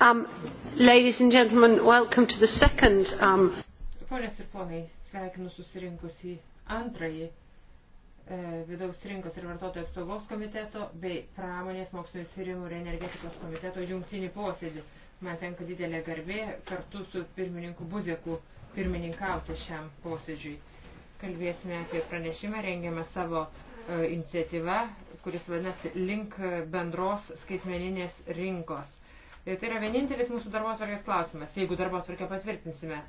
Um, ladies and gentlemen, welcome to the second. Um... Ponės ir ponai, sveikinu susirinkus į antrąjį e, vidaus rinkos ir vartotojų apsaugos komiteto bei pramonės mokslinio tyrimų ir energetikos komiteto jungtinį posėdį. Man tenka didelė garbė kartu su pirmininku Buzeku pirmininkauti šiam posėdžiui. Kalbėsime apie pranešimą, rengiame savo E, iniciatyva, kuris vadinasi link bendros skaitmeninės rinkos. E, tai yra vienintelis mūsų darbosvarkės klausimas, jeigu darbosvarkę patvirtinsime.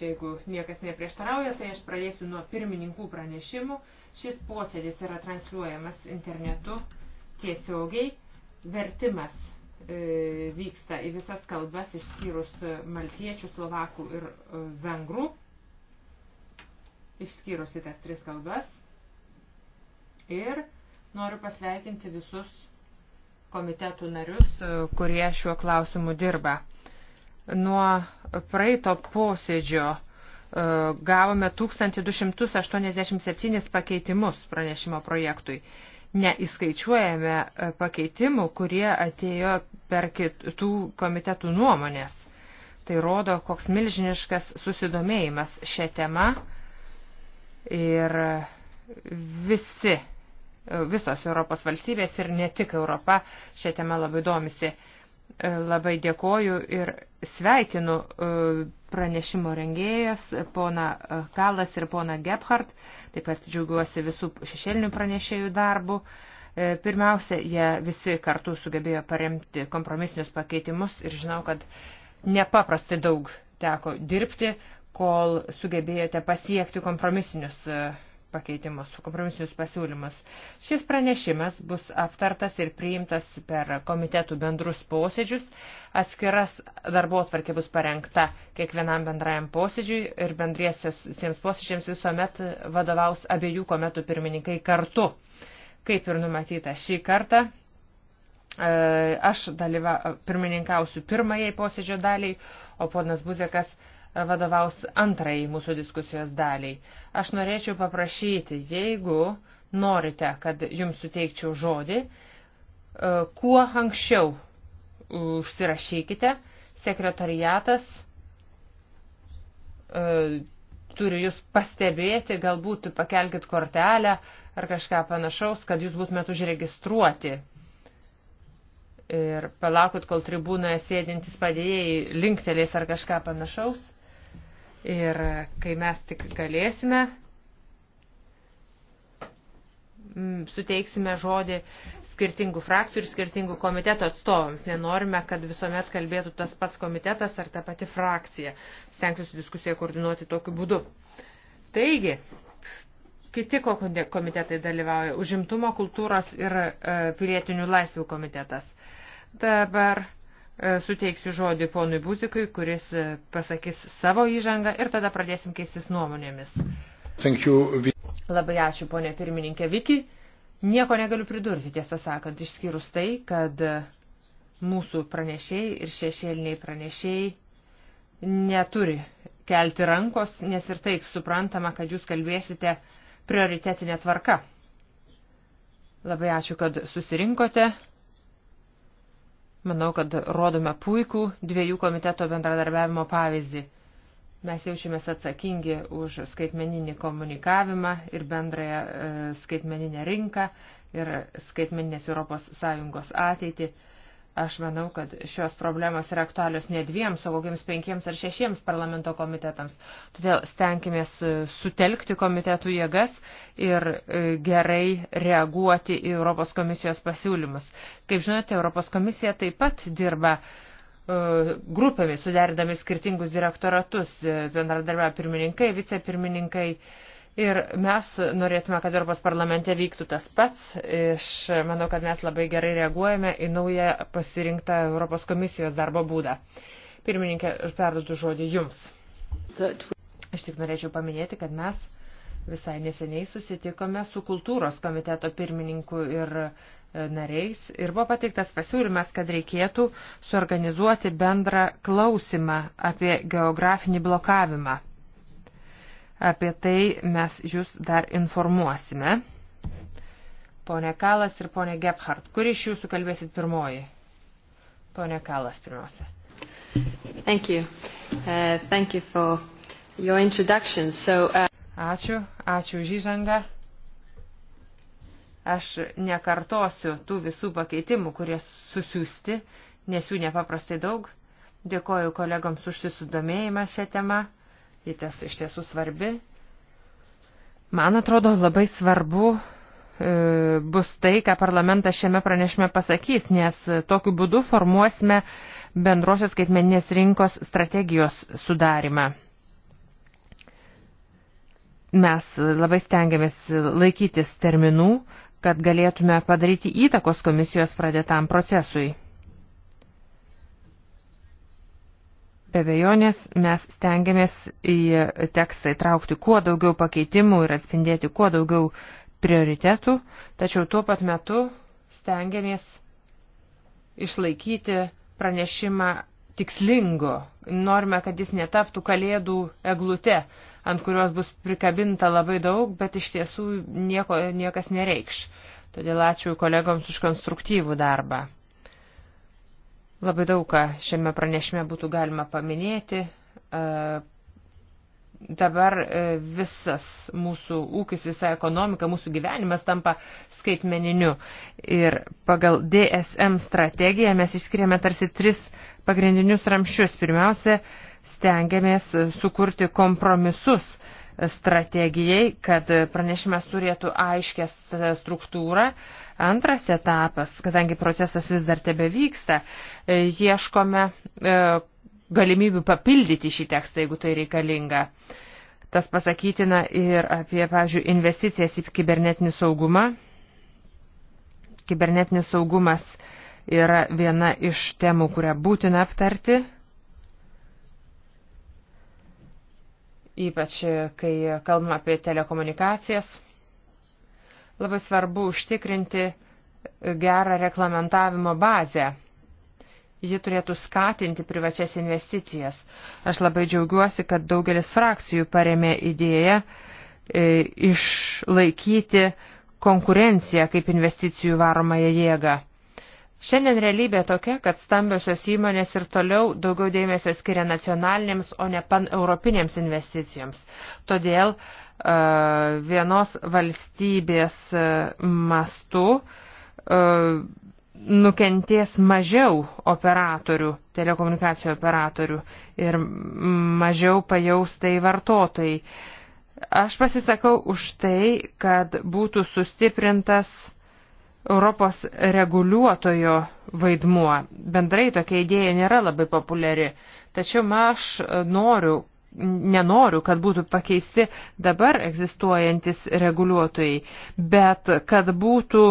Jeigu niekas neprieštarauja, tai aš pradėsiu nuo pirmininkų pranešimų. Šis posėdis yra transliuojamas internetu tiesiogiai. Vertimas e, vyksta į visas kalbas išskyrus maltiečių, slovakų ir e, vengrų išskyrus į tas tris kalbas. Ir noriu pasveikinti visus komitetų narius, e, kurie šiuo klausimu dirba. Nuo praeito posėdžio e, gavome 1287 pakeitimus pranešimo projektui. Neįskaičiuojame e, pakeitimų, kurie atėjo per kitų komitetų nuomonės. Tai rodo, koks milžiniškas susidomėjimas šią temą Ir visi, visos Europos valstybės ir ne tik Europa šią temą labai domisi. Labai dėkoju ir sveikinu e, pranešimo rengėjas, pona e, Kalas ir pona Gebhardt. Taip pat džiaugiuosi visų šešėlinių pranešėjų darbų. E, pirmiausia, jie visi kartu sugebėjo paremti kompromisinius pakeitimus ir žinau, kad nepaprastai daug teko dirbti, kol sugebėjote pasiekti kompromisinius e, pakeitimus, kompromisinius pasiūlymus. Šis pranešimas bus aptartas ir priimtas per komitetų bendrus posėdžius. Atskiras darbo atvarkė bus parengta kiekvienam bendrajam posėdžiui ir bendriesiems posėdžiams visuomet vadovaus abiejų kometų pirmininkai kartu. Kaip ir numatyta šį kartą, e, aš dalyva, pirmininkausiu pirmajai posėdžio daliai, o ponas Buzekas vadovaus antrai mūsų diskusijos daliai. Aš norėčiau paprašyti, jeigu norite, kad jums suteikčiau žodį, e, kuo anksčiau užsirašykite, sekretariatas e, turi jūs pastebėti, galbūt pakelkit kortelę ar kažką panašaus, kad jūs būtumėt užregistruoti. Ir palaukit, kol tribūnoje sėdintys padėjėjai linktelės ar kažką panašaus. Ir kai mes tik galėsime, suteiksime žodį skirtingų frakcijų ir skirtingų komiteto atstovams. Nenorime, kad visuomet kalbėtų tas pats komitetas ar ta pati frakcija. Stengsiuosi diskusiją koordinuoti tokiu būdu. Taigi, kiti komitetai dalyvauja. Užimtumo, kultūros ir e, pilietinių laisvių komitetas. Dabar E, suteiksiu žodį ponui Buzikui, kuris e, pasakys savo įžangą ir tada pradėsim keistis nuomonėmis. Labai ačiū, ponė pirmininkė Viki. Nieko negaliu pridurti, tiesą sakant, išskyrus tai, kad e, mūsų pranešėjai ir šešėliniai pranešėjai neturi kelti rankos, nes ir taip suprantama, kad jūs kalbėsite prioritetinė tvarka. Labai ačiū, kad susirinkote. Manau, kad rodome puikų dviejų komiteto bendradarbiavimo pavyzdį. Mes jaučiamės atsakingi už skaitmeninį komunikavimą ir bendrąją e, skaitmeninę rinką ir skaitmeninės Europos Sąjungos ateitį. Aš manau, kad šios problemos yra aktualios ne dviems, o kokiems penkiems ar šešiems parlamento komitetams. Todėl stenkimės e, sutelkti komitetų jėgas ir e, gerai reaguoti į Europos komisijos pasiūlymus. Kaip žinote, Europos komisija taip pat dirba e, grupėmis, suderdami skirtingus direktoratus, bendradarbiavo pirmininkai, vicepirmininkai. pirmininkai Ir mes norėtume, kad Europos parlamente vyktų tas pats. Iš, manau, kad mes labai gerai reaguojame į naują pasirinktą Europos komisijos darbo būdą. Pirmininkė, perduodu žodį jums. Aš tik norėčiau paminėti, kad mes visai neseniai susitikome su kultūros komiteto pirmininku ir e, nariais ir buvo pateiktas pasiūlymas, kad reikėtų suorganizuoti bendrą klausimą apie geografinį blokavimą. Apie tai mes jūs dar informuosime. Pone Kalas ir pone Gebhardt, kuri iš jūsų kalbėsit pirmoji? Pone Kalas pirmiausia. Thank you. Uh, thank you for your introduction. So, uh... Ačiū, ačiū už įžangą. Aš nekartosiu tų visų pakeitimų, kurie susiūsti, nes jų nepaprastai daug. Dėkoju kolegoms už susidomėjimą šią temą. Ji tas iš tiesų svarbi. Man atrodo labai svarbu e, bus tai, ką parlamentas šiame pranešime pasakys, nes tokiu būdu formuosime bendrosios skaitmeninės rinkos strategijos sudarimą. Mes labai stengiamės laikytis terminų, kad galėtume padaryti įtakos komisijos pradėtam procesui. Be abejonės mes stengiamės į tekstą įtraukti kuo daugiau pakeitimų ir atspindėti kuo daugiau prioritetų, tačiau tuo pat metu stengiamės išlaikyti pranešimą tikslingo. Norime, kad jis netaptų kalėdų eglute, ant kurios bus prikabinta labai daug, bet iš tiesų nieko, niekas nereikš. Todėl ačiū kolegoms už konstruktyvų darbą. Labai daug ką šiame pranešime būtų galima paminėti. E, dabar e, visas mūsų ūkis, visa ekonomika, mūsų gyvenimas tampa skaitmeniniu. Ir pagal DSM strategiją mes išskiriame tarsi tris pagrindinius ramščius. Pirmiausia, stengiamės sukurti kompromisus strategijai, kad pranešimas turėtų aiškę struktūrą. Antras etapas, kadangi procesas vis dar tebe vyksta, e, ieškome e, galimybių papildyti šį tekstą, jeigu tai reikalinga. Tas pasakytina ir apie, pavyzdžiui, investicijas į kibernetinį saugumą. Kibernetinis saugumas yra viena iš temų, kurią būtina aptarti ypač e, kai kalbame apie telekomunikacijas. Labai svarbu užtikrinti e, gerą reglamentavimo bazę. Ji turėtų skatinti privačias investicijas. Aš labai džiaugiuosi, kad daugelis frakcijų paremė idėją e, išlaikyti konkurenciją kaip investicijų varomąją jėgą. Šiandien realybė tokia, kad stambiosios įmonės ir toliau daugiau dėmesio skiria nacionalinėms, o ne paneuropinėms investicijoms. Todėl uh, vienos valstybės uh, mastu uh, e, nukenties mažiau operatorių, telekomunikacijų operatorių ir mažiau pajaustai vartotojai. Aš pasisakau už tai, kad būtų sustiprintas Europos reguliuotojo vaidmuo. Bendrai tokia idėja nėra labai populiari, tačiau aš noriu, nenoriu, kad būtų pakeisti dabar egzistuojantis reguliuotojai, bet kad būtų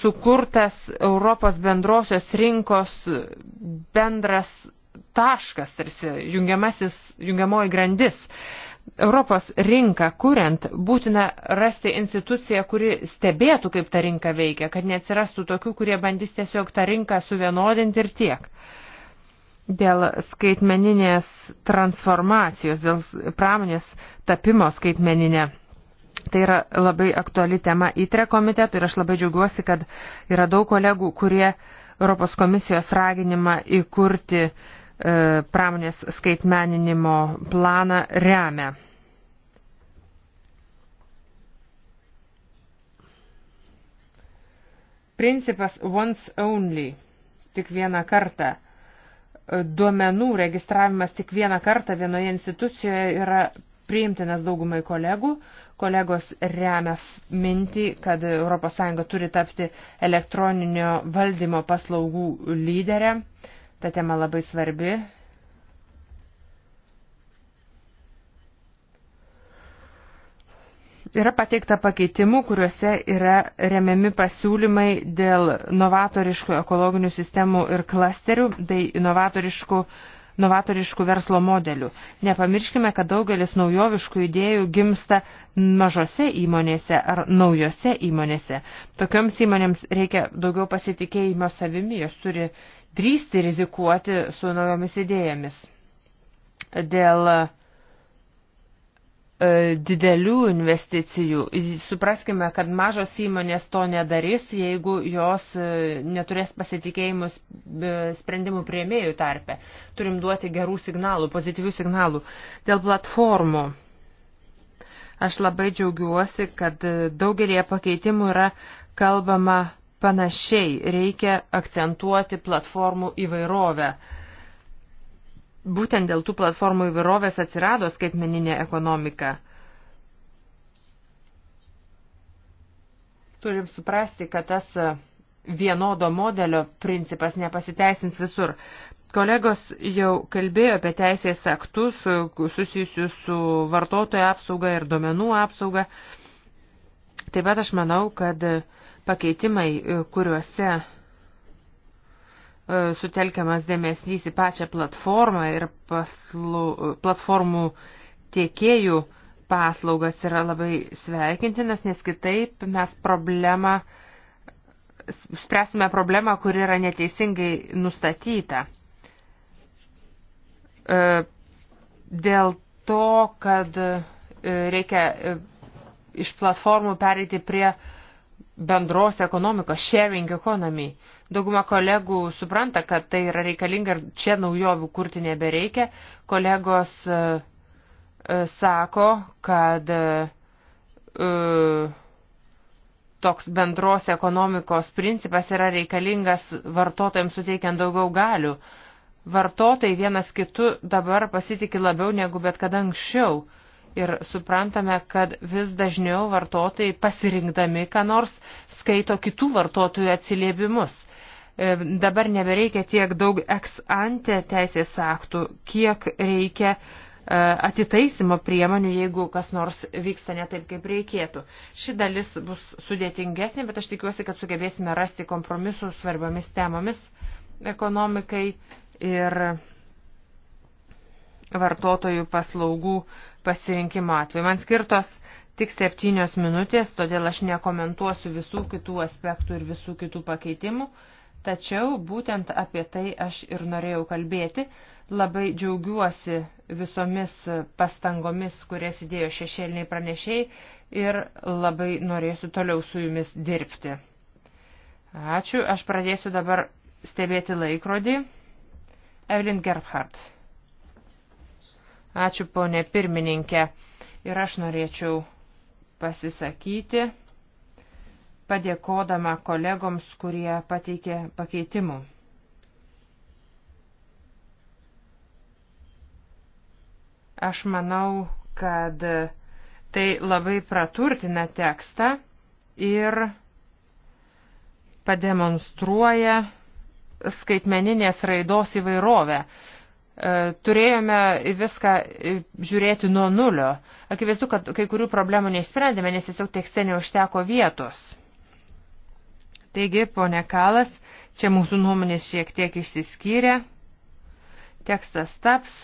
sukurtas Europos bendrosios rinkos bendras taškas, tarsi jungiamasis, jungiamoji grandis. Europos rinką kuriant, būtina rasti instituciją, kuri stebėtų, kaip ta rinka veikia, kad neatsirastų tokių, kurie bandys tiesiog tą rinką suvienodinti ir tiek. Dėl skaitmeninės transformacijos, dėl pramonės tapimo skaitmeninė. Tai yra labai aktuali tema įtre komitetų ir aš labai džiaugiuosi, kad yra daug kolegų, kurie Europos komisijos raginimą įkurti uh, E, pramonės skaitmeninimo planą remia. Principas once only, tik vieną kartą. E, duomenų registravimas tik vieną kartą vienoje institucijoje yra priimtinas daugumai kolegų. Kolegos remia mintį, kad ES turi tapti elektroninio valdymo paslaugų lyderę. Uh, Ta tema labai svarbi. Yra pateikta pakeitimų, kuriuose yra remiami pasiūlymai dėl novatoriškų ekologinių sistemų ir klasterių bei inovatoriškų novatoriškų verslo modelių. Nepamirškime, kad daugelis naujoviškų idėjų gimsta mažose įmonėse ar naujose įmonėse. Tokioms įmonėms reikia daugiau pasitikėjimo savimi, jos turi drįsti rizikuoti su naujomis idėjomis. Dėl e, didelių investicijų. Supraskime, kad mažos įmonės to nedarys, jeigu jos e, neturės pasitikėjimus e, sprendimų prieimėjų tarpe. Turim duoti gerų signalų, pozityvių signalų. Dėl platformų. Aš labai džiaugiuosi, kad daugelie pakeitimų yra kalbama Panašiai reikia akcentuoti platformų įvairovę. Būtent dėl tų platformų įvairovės atsirado skaitmeninė ekonomika. Turim suprasti, kad tas vienodo modelio principas nepasiteisins visur. Kolegos jau kalbėjo apie teisės aktus susijusius su vartotojo apsauga ir domenų apsauga. Taip pat aš manau, kad pakeitimai, e, kuriuose e, sutelkiamas dėmesys į pačią platformą ir paslu, e, platformų tiekėjų paslaugas yra labai sveikintinas, nes kitaip mes problemą, spręsime problemą, kuri yra neteisingai nustatyta. Dėl to, kad reikia iš platformų pereiti prie uh, bendros ekonomikos, sharing economy. Dauguma kolegų supranta, kad tai yra reikalinga ir čia naujovių kurti nebereikia. Kolegos uh, sako, kad uh, toks bendros ekonomikos principas yra reikalingas vartotojams suteikiant daugiau galių. Vartotojai vienas kitu dabar pasitikė labiau negu bet kada anksčiau. Uh, ir suprantame, kad vis dažniau vartotojai pasirinkdami, ką nors skaito kitų vartotojų atsiliepimus. E, dabar nebereikia tiek daug ex ante teisės aktų, kiek reikia e, atitaisimo priemonių, jeigu kas nors vyksta ne taip, kaip reikėtų. Ši dalis bus sudėtingesnė, bet aš tikiuosi, kad sugebėsime rasti kompromisų svarbiamis temomis ekonomikai ir vartotojų paslaugų pasirinkimo atveju. Man skirtos tik septynios minutės, todėl aš nekomentuosiu visų kitų aspektų ir visų kitų pakeitimų, tačiau būtent apie tai aš ir norėjau kalbėti. Labai džiaugiuosi visomis pastangomis, kurias įdėjo šešėliniai pranešiai ir labai norėsiu toliau su jumis dirbti. Ačiū, aš pradėsiu dabar stebėti laikrodį. Evelyn Gerhardt. Ačiū, ponė pirmininkė. Ir aš norėčiau pasisakyti, padėkodama kolegoms, kurie pateikė pakeitimų. Aš manau, kad tai labai praturtina tekstą ir pademonstruoja skaitmeninės raidos įvairovę. E, turėjome viską e, žiūrėti nuo nulio. Akivaizdu, kad kai kurių problemų neišsprendėme, nes tiesiog tekste neužteko vietos. Taigi, ponė Kalas, čia mūsų nuomonės šiek tiek išsiskyrė. Tekstas taps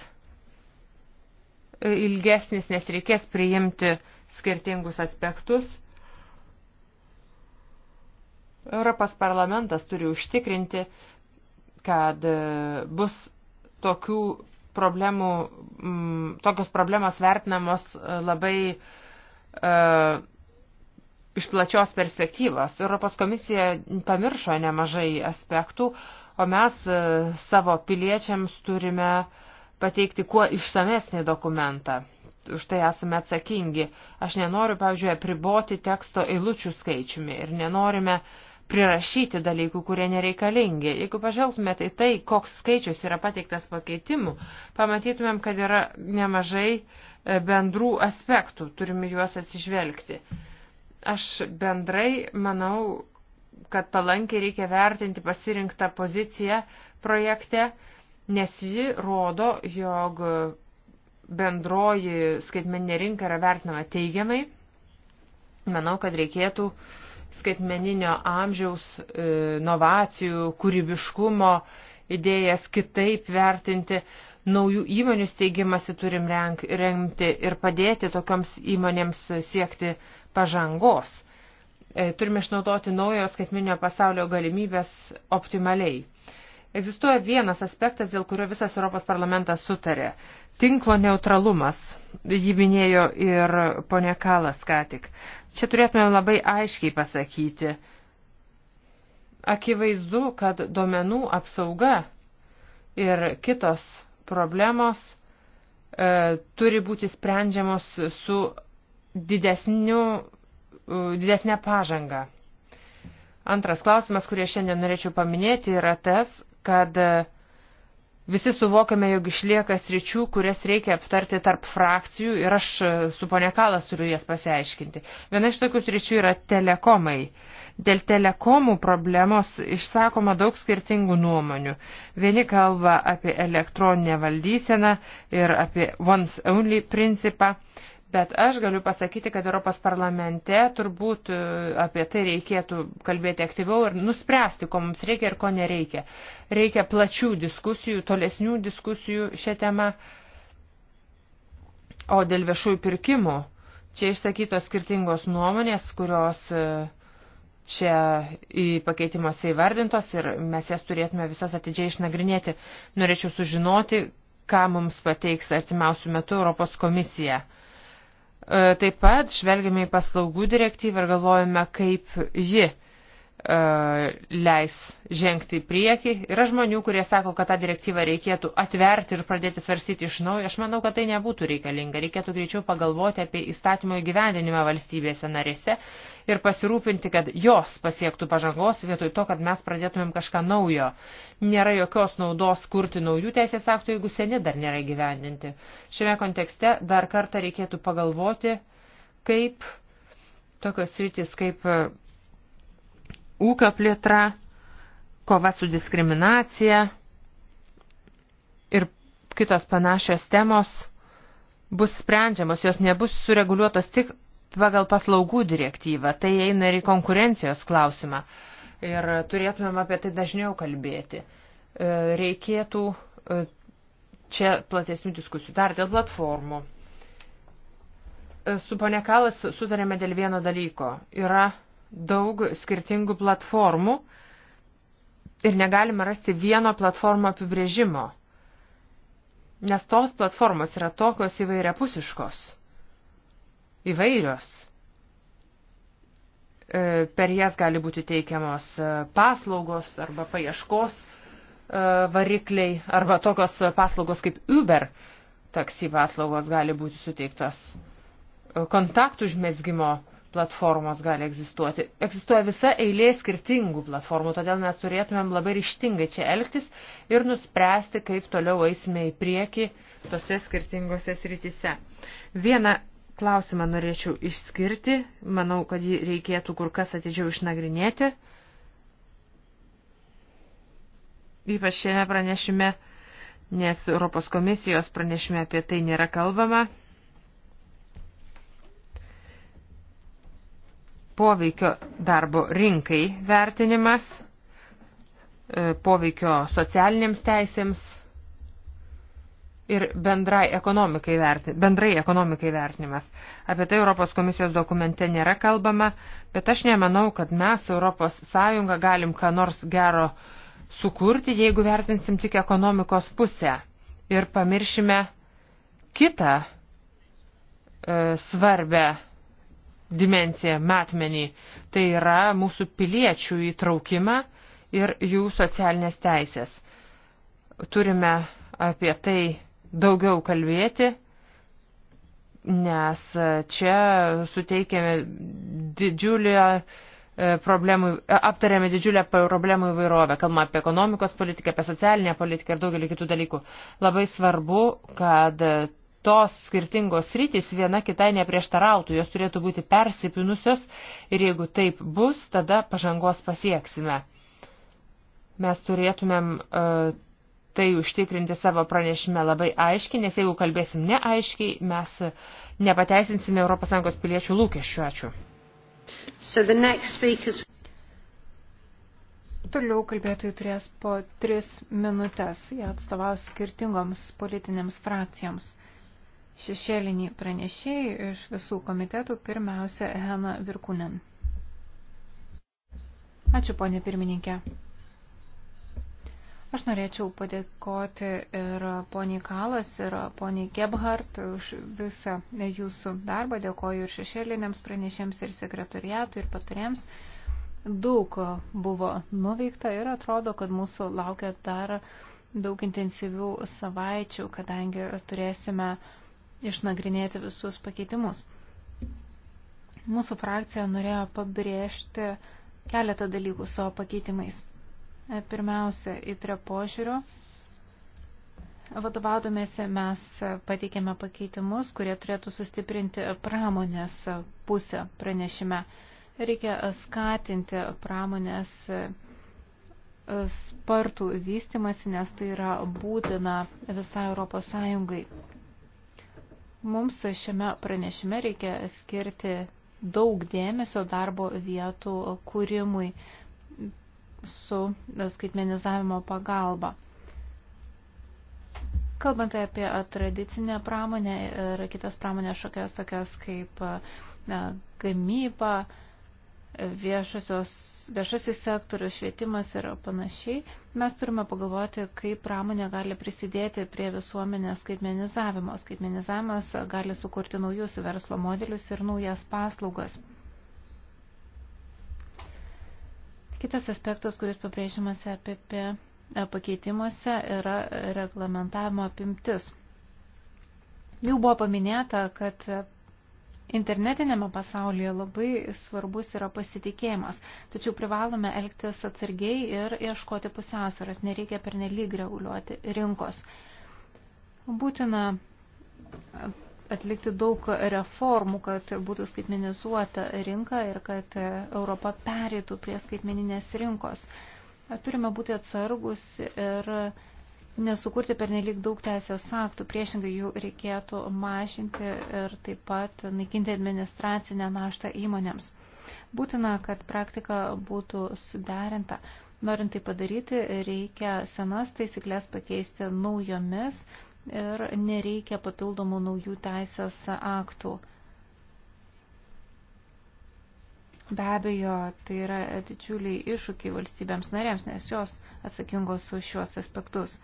e, ilgesnis, nes reikės priimti skirtingus aspektus. Europos parlamentas turi užtikrinti, kad bus tokių problemų, m, mm, tokios problemos vertinamos e, labai e, iš plačios perspektyvos. Europos komisija pamiršo nemažai aspektų, o mes e, savo piliečiams turime pateikti kuo išsamesnį dokumentą. Už tai esame atsakingi. Aš nenoriu, pavyzdžiui, apriboti teksto eilučių skaičiumi ir nenorime uh, prirašyti dalykų, kurie nereikalingi. Jeigu pažvelgtumėte į tai, koks skaičius yra pateiktas pakeitimų, pamatytumėm, kad yra nemažai e, bendrų aspektų, turime juos atsižvelgti. Aš bendrai manau, kad palankiai reikia vertinti pasirinktą poziciją projekte, nes ji rodo, jog bendroji skaitmeninė rinka yra vertinama teigiamai. Manau, kad reikėtų uh, skaitmeninio amžiaus e, inovacijų, kūrybiškumo idėjas kitaip vertinti. Naujų įmonių steigimasi turim remti ir padėti tokioms įmonėms siekti pažangos. E, turime išnaudoti naujo skaitminio pasaulio galimybės optimaliai. Egzistuoja vienas aspektas, dėl kurio visas Europos parlamentas sutarė. Tinklo neutralumas. Jį minėjo ir ponė Kalas ką tik. Čia turėtume labai aiškiai pasakyti. Akivaizdu, kad duomenų apsauga ir kitos problemos e, turi būti sprendžiamos su didesniu, e, didesnė pažanga. Antras klausimas, kurį šiandien norėčiau paminėti, yra tas, kad e, visi suvokiame, jog išlieka sričių, kurias reikia aptarti tarp frakcijų ir aš e, su ponė Kalas turiu jas pasiaiškinti. Viena iš tokių sričių yra telekomai. Dėl telekomų problemos išsakoma daug skirtingų nuomonių. Vieni kalba apie elektroninę valdyseną ir apie once only principą. Uh, Bet aš galiu pasakyti, kad Europos parlamente turbūt e, apie tai reikėtų kalbėti aktyviau ir nuspręsti, ko mums reikia ir ko nereikia. Reikia plačių diskusijų, tolesnių diskusijų šią temą. O dėl viešųjų pirkimų, čia išsakytos skirtingos nuomonės, kurios e, čia į pakeitimuose įvardintos ir mes jas turėtume visas atidžiai išnagrinėti. Norėčiau sužinoti, ką mums pateiks artimiausių metų Europos komisija. Taip pat žvelgime į paslaugų direktyvą ir galvojame, kaip ji E, leis žengti į priekį. Yra žmonių, kurie sako, kad tą direktyvą reikėtų atverti ir pradėti svarstyti iš naujo. Aš manau, kad tai nebūtų reikalinga. Reikėtų greičiau pagalvoti apie įstatymo įgyvendinimą valstybėse narėse ir pasirūpinti, kad jos pasiektų pažangos vietoj to, kad mes pradėtumėm kažką naujo. Nėra jokios naudos kurti naujų teisės aktų, jeigu seni dar nėra įgyvendinti. Šiame kontekste dar kartą reikėtų pagalvoti, kaip tokios rytis kaip ūkio plėtra, kova su diskriminacija ir kitos panašios temos bus sprendžiamos, jos nebus sureguliuotos tik pagal paslaugų direktyvą, tai eina ir į konkurencijos klausimą. Ir turėtumėm apie tai dažniau kalbėti. E, reikėtų e, čia platesnių diskusijų dar dėl platformų. E, su ponekalas sutarėme dėl vieno dalyko. Yra daug skirtingų platformų ir negalime rasti vieno platformo apibrėžimo, nes tos platformos yra tokios įvairiapusiškos, įvairios. E, per jas gali būti teikiamos e, paslaugos arba paieškos e, varikliai arba tokios paslaugos kaip Uber taksi paslaugos gali būti suteiktos kontaktų užmėsgimo uh, platformos gali egzistuoti. Egzistuoja visa eilė skirtingų platformų, todėl mes turėtumėm labai ryštingai čia elgtis ir nuspręsti, kaip toliau eisime į priekį tose skirtingose srityse. Vieną klausimą norėčiau išskirti, manau, kad jį reikėtų kur kas atidžiau išnagrinėti. Ypač šiame pranešime, nes Europos komisijos pranešime apie tai nėra kalbama. poveikio darbo rinkai vertinimas, e, poveikio socialinėms teisėms ir bendrai ekonomikai, vertin, bendrai ekonomikai vertinimas. Apie tai Europos komisijos dokumente nėra kalbama, bet aš nemanau, kad mes Europos Sąjunga galim ką nors gero sukurti, jeigu vertinsim tik ekonomikos pusę ir pamiršime kitą e, svarbę dimenciją, metmenį. Tai yra mūsų piliečių įtraukimą ir jų socialinės teisės. Turime apie tai daugiau kalbėti, nes čia suteikėme didžiulį e, problemų, e, aptarėme didžiulę problemų įvairovę, kalbame apie ekonomikos politiką, apie socialinę politiką ir daugelį kitų dalykų. Labai svarbu, kad tos skirtingos rytis viena kitai neprieštarautų, jos turėtų būti persipinusios ir jeigu taip bus, tada pažangos pasieksime. Mes turėtumėm uh, tai užtikrinti savo pranešime labai aiškiai, nes jeigu kalbėsim neaiškiai, mes nepateisinsime ES piliečių lūkesčių. Ačiū. So the next speakers... Toliau kalbėtojai turės po tris minutės, jie atstovaus skirtingoms politinėms frakcijoms šešėliniai pranešėjai iš visų komitetų, pirmiausia, Hena Virkunen. Ačiū, ponė pirmininkė. Aš norėčiau padėkoti ir poniai Kalas, ir poniai Gebhardt už visą jūsų darbą. Dėkoju ir šešėliniams pranešėms, ir sekretoriatui, ir patarėms. Daug buvo nuveikta ir atrodo, kad mūsų laukia dar daug intensyvių savaičių, kadangi turėsime uh, išnagrinėti visus pakeitimus. Mūsų frakcija norėjo pabrėžti keletą dalykų savo pakeitimais. Pirmiausia, į tre požiūrių. Vadovaudomėsi mes pateikėme pakeitimus, kurie turėtų sustiprinti pramonės pusę pranešime. Reikia skatinti pramonės spartų vystimasi, nes tai yra būtina visai Europos Sąjungai. Mums šiame pranešime reikia skirti daug dėmesio darbo vietų kūrimui su skaitmenizavimo pagalba. Kalbant apie tradicinę pramonę ir kitas pramonės šakas, tokias kaip gamyba, viešosios, viešasis sektorius, švietimas ir panašiai, mes turime pagalvoti, kaip pramonė gali prisidėti prie visuomenės skaitmenizavimo. Skaitmenizavimas gali sukurti naujus verslo modelius ir naujas paslaugas. Kitas aspektas, kuris pabrėžiamas EPP pakeitimuose, yra reglamentavimo apimtis. Jau buvo paminėta, kad Internetinėme pasaulyje labai svarbus yra pasitikėjimas, tačiau privalome elgtis atsargiai ir ieškoti pusiausvėros, nereikia pernelyg reguliuoti rinkos. Būtina atlikti daug reformų, kad būtų skaitmenizuota rinka ir kad Europa perėtų prie skaitmeninės rinkos. Turime būti atsargus ir nesukurti pernelyg daug teisės aktų, priešingai jų reikėtų mažinti ir taip pat naikinti administracinę naštą įmonėms. Būtina, kad praktika būtų suderinta. Norint tai padaryti, reikia senas taisyklės pakeisti naujomis ir nereikia papildomų naujų teisės aktų. Be abejo, tai yra didžiuliai iššūkiai valstybėms narėms, nes jos atsakingos už šiuos aspektus.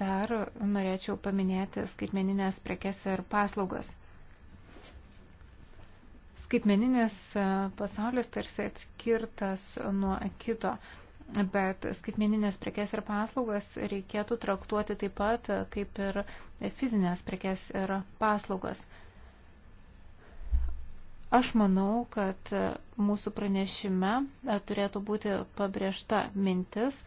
Dar norėčiau paminėti skaitmeninės prekes ir paslaugas. Skaitmeninis e, pasaulis tarsi atskirtas nuo kito, bet skaitmeninės prekes ir paslaugas reikėtų traktuoti taip pat e, kaip ir fizinės prekes ir paslaugas. Aš manau, kad e, mūsų pranešime turėtų būti pabrėžta mintis,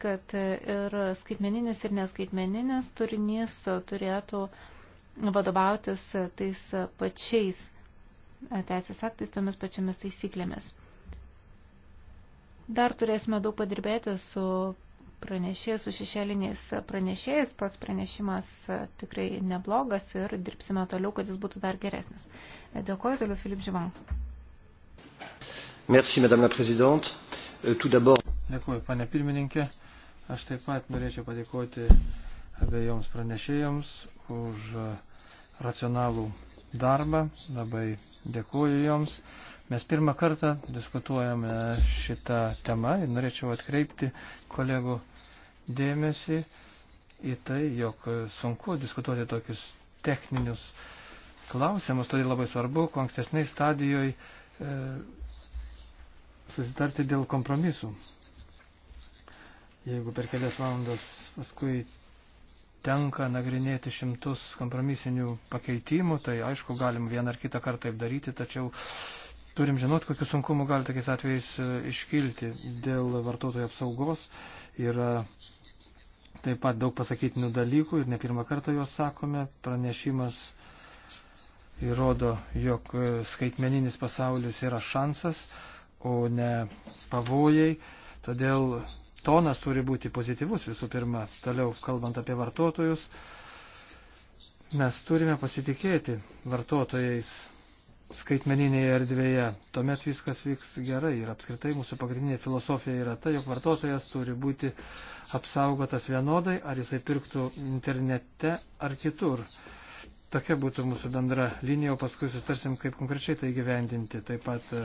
kad ir skaitmeninis ir neskaitmeninis turinys turėtų vadovautis tais pačiais teisės aktais, tomis pačiamis taisyklėmis. Dar turėsime daug padirbėti su pranešėjais, su šešėliniais pranešėjais. Pats pranešimas tikrai neblogas ir dirbsime toliau, kad jis būtų dar geresnis. Dėkuoju toliau, Filip Živan. Merci, Madame la Présidente. Euh, tout d'abord. Dėkuoju, pane pirmininkė. Aš taip pat norėčiau padėkoti abiejoms pranešėjoms už racionalų darbą. Labai dėkuoju joms. Mes pirmą kartą diskutuojame šitą temą ir norėčiau atkreipti kolegų dėmesį į tai, jog sunku diskutuoti tokius techninius klausimus, todėl labai svarbu, kuo ankstesniai stadijoje e, susitarti dėl kompromisų jeigu per kelias valandas paskui tenka nagrinėti šimtus kompromisinių pakeitimų, tai aišku, galim vieną ar kitą kartą taip daryti, tačiau turim žinot, kokiu sunkumu gali tokiais atvejais e, iškilti dėl vartotojų apsaugos. Yra taip pat daug pasakytinių dalykų ir ne pirmą kartą juos sakome. Pranešimas įrodo, jog e, skaitmeninis pasaulis yra šansas, o ne pavojai. Todėl tonas turi būti pozityvus visų pirma. Toliau, kalbant apie vartotojus, mes turime pasitikėti vartotojais skaitmeninėje erdvėje. Tuomet viskas vyks gerai ir apskritai mūsų pagrindinė filosofija yra ta, jog vartotojas turi būti apsaugotas vienodai, ar jisai pirktų internete ar kitur. Tokia būtų mūsų bendra linija, o paskui sutarsim, kaip konkrečiai tai gyvendinti. Taip pat e,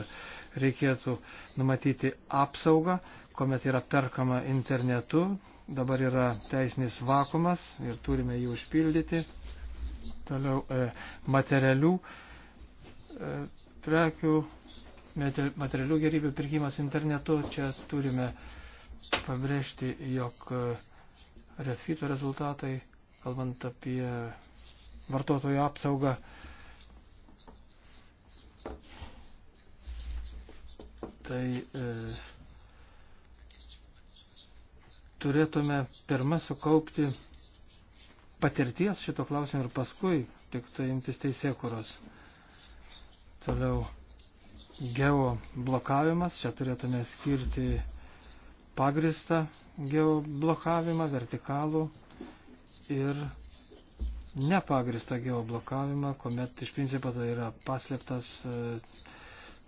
reikėtų numatyti apsaugą kuomet yra perkama internetu. Dabar yra teisinis vakumas ir turime jį užpildyti. Toliau e, materialių e, prekių, materialių gerybių pirkimas internetu. Čia turime pabrėžti, jog e, refito rezultatai, kalbant apie vartotojų apsaugą, tai e, turėtume pirmą sukaupti patirties šito klausimo ir paskui tik tai imtis teisėkuros. Toliau geo blokavimas, čia turėtume skirti pagristą geo blokavimą, vertikalų ir nepagristą geo blokavimą, kuomet iš principo tai yra paslėptas e,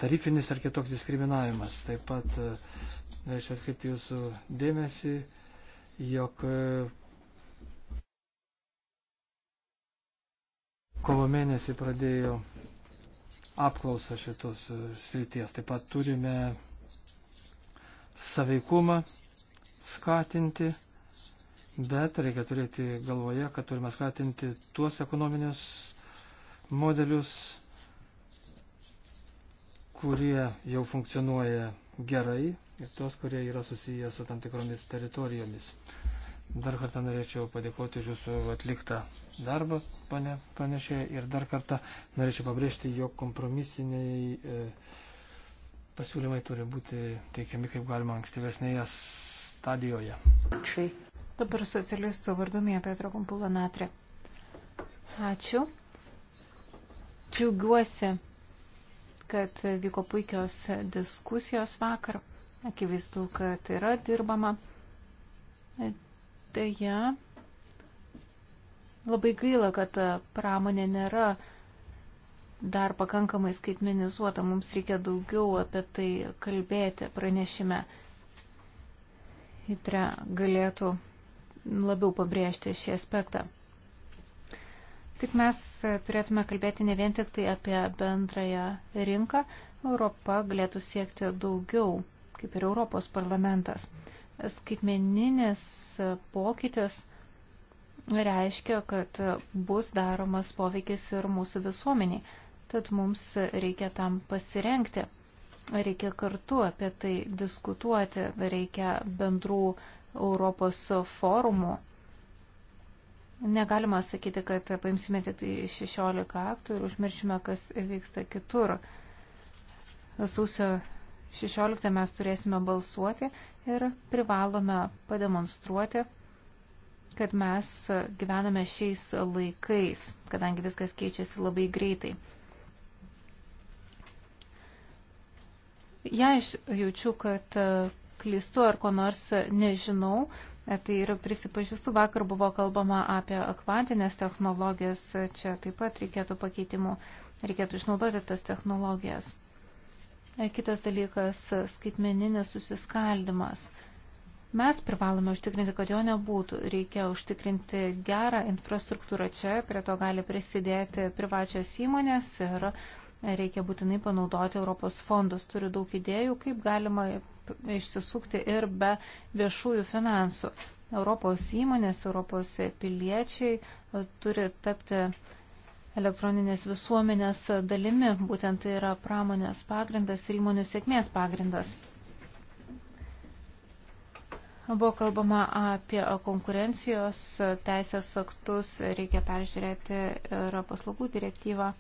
tarifinis ar kitoks diskriminavimas. Taip pat e, reiškia atkreipti jūsų dėmesį jog e, kovo mėnesį pradėjo apklausą šitos e, srities. Taip pat turime saveikumą skatinti, bet reikia turėti galvoje, kad turime skatinti tuos ekonominius modelius, kurie jau funkcionuoja gerai ir tos, kurie yra susiję su tam tikromis teritorijomis. Dar kartą norėčiau padėkoti už jūsų atliktą darbą, pane pranešėjai, ir dar kartą norėčiau pabrėžti, jog kompromisiniai e, pasiūlymai turi būti teikiami kaip galima ankstyvesnėje stadijoje. Ačiū. Dabar socialistų vardumėje Petro Kumpula Natrė. Ačiū. Džiaugiuosi kad vyko puikios diskusijos vakar. Akivaizdu, kad yra dirbama. Deja, labai gaila, kad pramonė nėra dar pakankamai skaitmenizuota. Mums reikia daugiau apie tai kalbėti pranešime. Itre galėtų labiau pabrėžti šį aspektą. Tik mes e, turėtume kalbėti ne vien tik tai apie bendrąją rinką, Europa galėtų siekti daugiau, kaip ir Europos parlamentas. Skaitmeninis e, pokytis reiškia, kad bus daromas poveikis ir mūsų visuomeniai, tad mums reikia tam pasirenkti. Reikia kartu apie tai diskutuoti, reikia bendrų Europos forumų Negalima sakyti, kad paimsime tik 16 tai aktų ir užmiršime, kas vyksta kitur. Sausio 16 mes turėsime balsuoti ir privalome pademonstruoti, kad mes gyvename šiais laikais, kadangi viskas keičiasi labai greitai. Jei ja, jaučiu, kad klystu ar ko nors nežinau, Tai ir prisipažįstu, vakar buvo kalbama apie kvantinės technologijas, čia taip pat reikėtų pakeitimų, reikėtų išnaudoti tas technologijas. E, kitas dalykas - skaitmeninis susiskaldimas. Mes privalome užtikrinti, kad jo nebūtų. Reikia užtikrinti gerą infrastruktūrą čia, prie to gali prisidėti privačios įmonės ir reikia būtinai panaudoti Europos fondus. Turiu daug idėjų, kaip galima išsisukti ir be viešųjų finansų. Europos įmonės, Europos piliečiai e, turi tapti elektroninės visuomenės dalimi. Būtent tai yra pramonės pagrindas ir įmonių sėkmės pagrindas. Buvo kalbama apie konkurencijos teisės aktus, reikia peržiūrėti ir paslaugų direktyvą.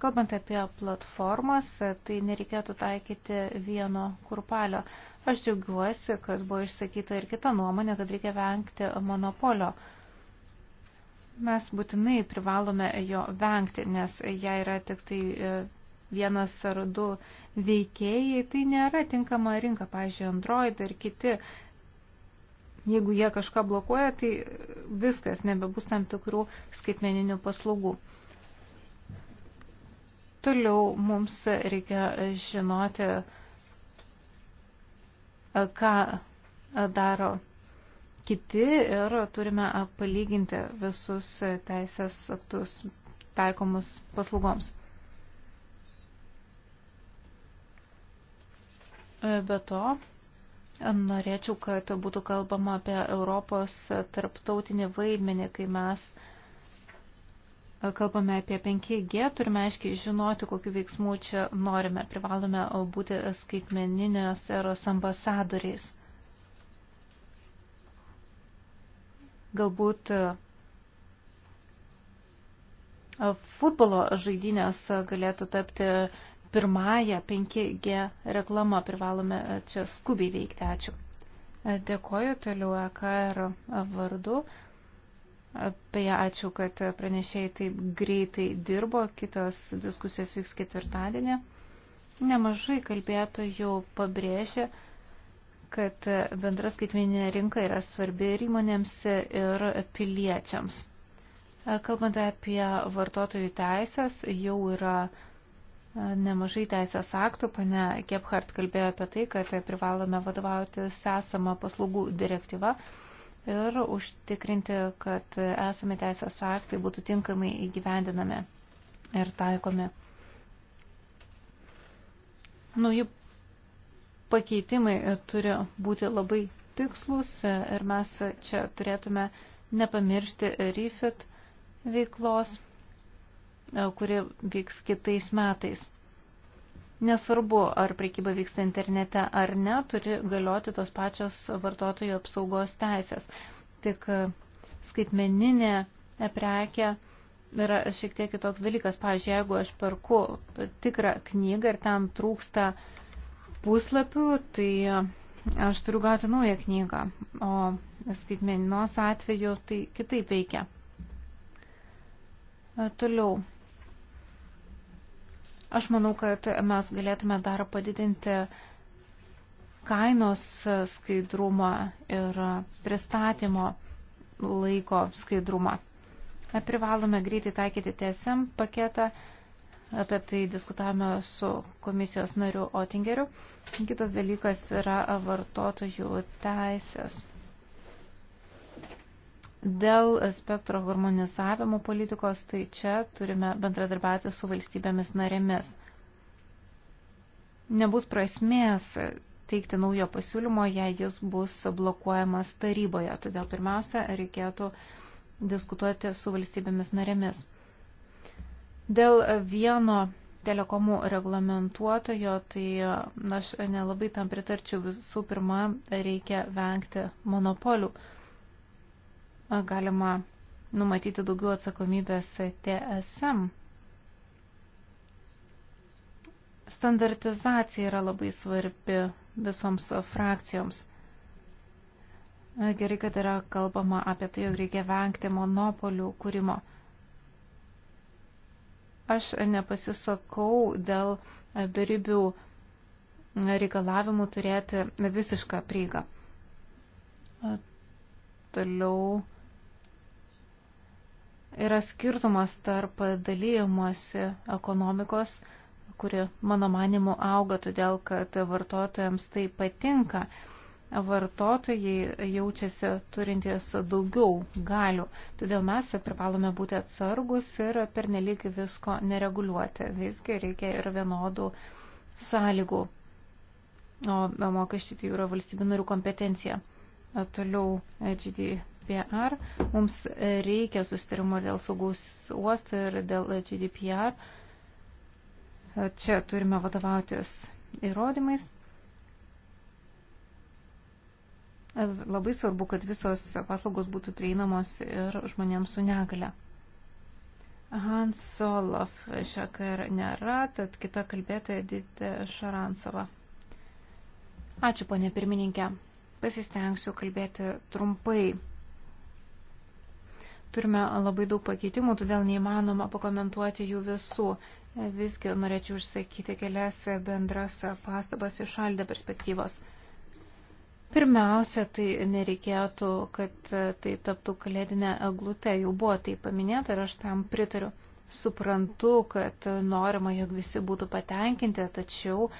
Kalbant apie platformas, tai nereikėtų taikyti vieno kurpalio. Aš džiaugiuosi, kad buvo išsakyta ir kita nuomonė, kad reikia vengti monopolio. Mes būtinai privalome jo vengti, nes jei yra tik tai e, vienas ar du veikėjai, tai nėra tinkama rinka, pažiūrėjau, Android ir kiti. Jeigu jie kažką blokuoja, tai viskas, nebebus tam tikrų skaitmeninių paslaugų. Toliau mums reikia žinoti, ką daro kiti ir turime palyginti visus teisės aktus taikomus paslaugoms. Be to, norėčiau, kad būtų kalbama apie Europos tarptautinį vaidmenį, kai mes uh, kalbame apie 5G, turime aiškiai žinoti, kokiu veiksmu čia norime. Privalome būti skaitmeninės eros ambasadoriais. Galbūt futbolo žaidynės galėtų tapti pirmąją 5G reklamą. Privalome čia skubiai veikti. Ačiū. Dėkoju toliau EKR vardu. Beje, ačiū, kad pranešėjai taip greitai dirbo, kitos diskusijos vyks ketvirtadienį. Nemažai kalbėtojų pabrėžė, kad bendra skaitmeninė rinka yra svarbi ir įmonėms, ir piliečiams. Kalbant apie vartotojų teisės, jau yra nemažai teisės aktų, pane Gebhardt kalbėjo apie tai, kad privalome vadovautis esamą paslaugų direktyvą ir užtikrinti, kad esami teisės aktai būtų tinkamai įgyvendinami ir taikomi. Nauji pakeitimai turi būti labai tikslus ir mes čia turėtume nepamiršti REFIT veiklos, kuri vyks kitais metais. Nesvarbu, ar prekyba vyksta internete ar ne, turi galioti tos pačios vartotojų apsaugos teisės. Tik skaitmeninė prekė yra šiek tiek kitoks dalykas. Pavyzdžiui, jeigu aš perku tikrą knygą ir ten trūksta puslapių, tai aš turiu gauti naują knygą. O skaitmeninos atveju tai kitaip veikia. Toliau, Aš manau, kad mes galėtume dar padidinti kainos skaidrumą ir pristatymo laiko skaidrumą. Privalome greitai taikyti TSM paketą, apie tai diskutavome su komisijos nariu Otingeriu. Kitas dalykas yra vartotojų teisės. Dėl spektro harmonizavimo politikos, tai čia turime bendradarbiauti su valstybėmis narėmis. Nebus prasmės teikti naujo pasiūlymo, jei jis bus blokuojamas taryboje. Todėl pirmiausia, reikėtų diskutuoti su valstybėmis narėmis. Dėl vieno telekomų reglamentuotojo, tai aš nelabai tam pritarčiau. Visų pirma, reikia vengti monopolių galima numatyti daugiau atsakomybės TSM. Standartizacija yra labai svarbi visoms frakcijoms. Gerai, kad yra kalbama apie tai, jog reikia vengti monopolių kūrimo. Aš nepasisakau dėl beribių reikalavimų turėti visišką prieigą. Toliau yra skirtumas tarp dalymosi ekonomikos, kuri mano manimu auga todėl, kad vartotojams tai patinka. Vartotojai jaučiasi turintys daugiau galių, todėl mes privalome būti atsargus ir pernelyg visko nereguliuoti. Visgi reikia ir vienodų sąlygų, o mokesčiai tai yra valstybių narių kompetencija. Toliau GD GDPR. Mums reikia sustarimo dėl saugaus uosto ir dėl GDPR. Čia turime vadovautis įrodymais. Labai svarbu, kad visos paslaugos būtų prieinamos ir žmonėms su negale. Hans Solov šiakar nėra, tad kita kalbėtoja Dite Šaransova. Ačiū, ponė pirmininkė. Pasistengsiu kalbėti trumpai. Turime labai daug pakeitimų, todėl neįmanoma pakomentuoti jų visų. Visgi norėčiau užsakyti kelias bendras pastabas iš šaldę perspektyvos. Pirmiausia, tai nereikėtų, kad tai taptų kalėdinė eglutė, jau buvo tai paminėta ir aš tam pritariu. Suprantu, kad norima, jog visi būtų patenkinti, tačiau,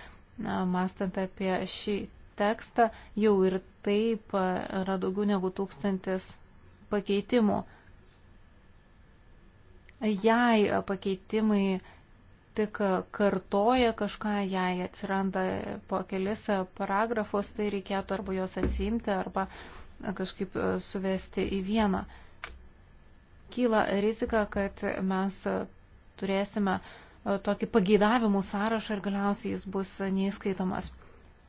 na, mastant apie šį tekstą, jau ir taip yra daugiau negu tūkstantis pakeitimų jei pakeitimai tik kartoja kažką, jei atsiranda po kelis paragrafus, tai reikėtų arba juos atsiimti, arba kažkaip e, suvesti į vieną. Kyla rizika, kad mes turėsime e, tokį pageidavimų sąrašą ir galiausiai jis bus neįskaitomas.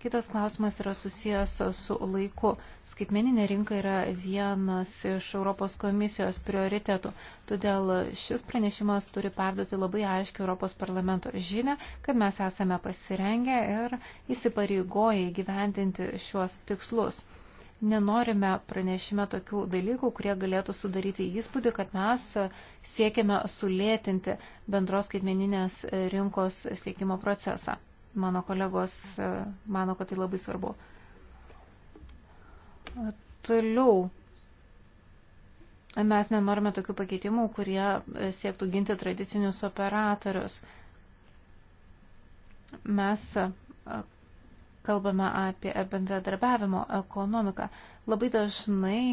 Kitas klausimas yra susijęs su laiku. Skaitmeninė rinka yra vienas iš Europos komisijos prioritetų, todėl šis pranešimas turi perduoti labai aiškiai Europos parlamento žinę, kad mes esame pasirengę ir įsipareigoję įgyvendinti šiuos tikslus. Nenorime pranešime tokių dalykų, kurie galėtų sudaryti įspūdį, kad mes siekiame sulėtinti bendros skaitmeninės rinkos siekimo procesą. Mano kolegos e, mano, kad tai labai svarbu. E, toliau. Mes nenorime tokių pakeitimų, kurie e, siektų ginti tradicinius operatorius. Mes kalbame apie bendradarbiavimo ekonomiką. Labai dažnai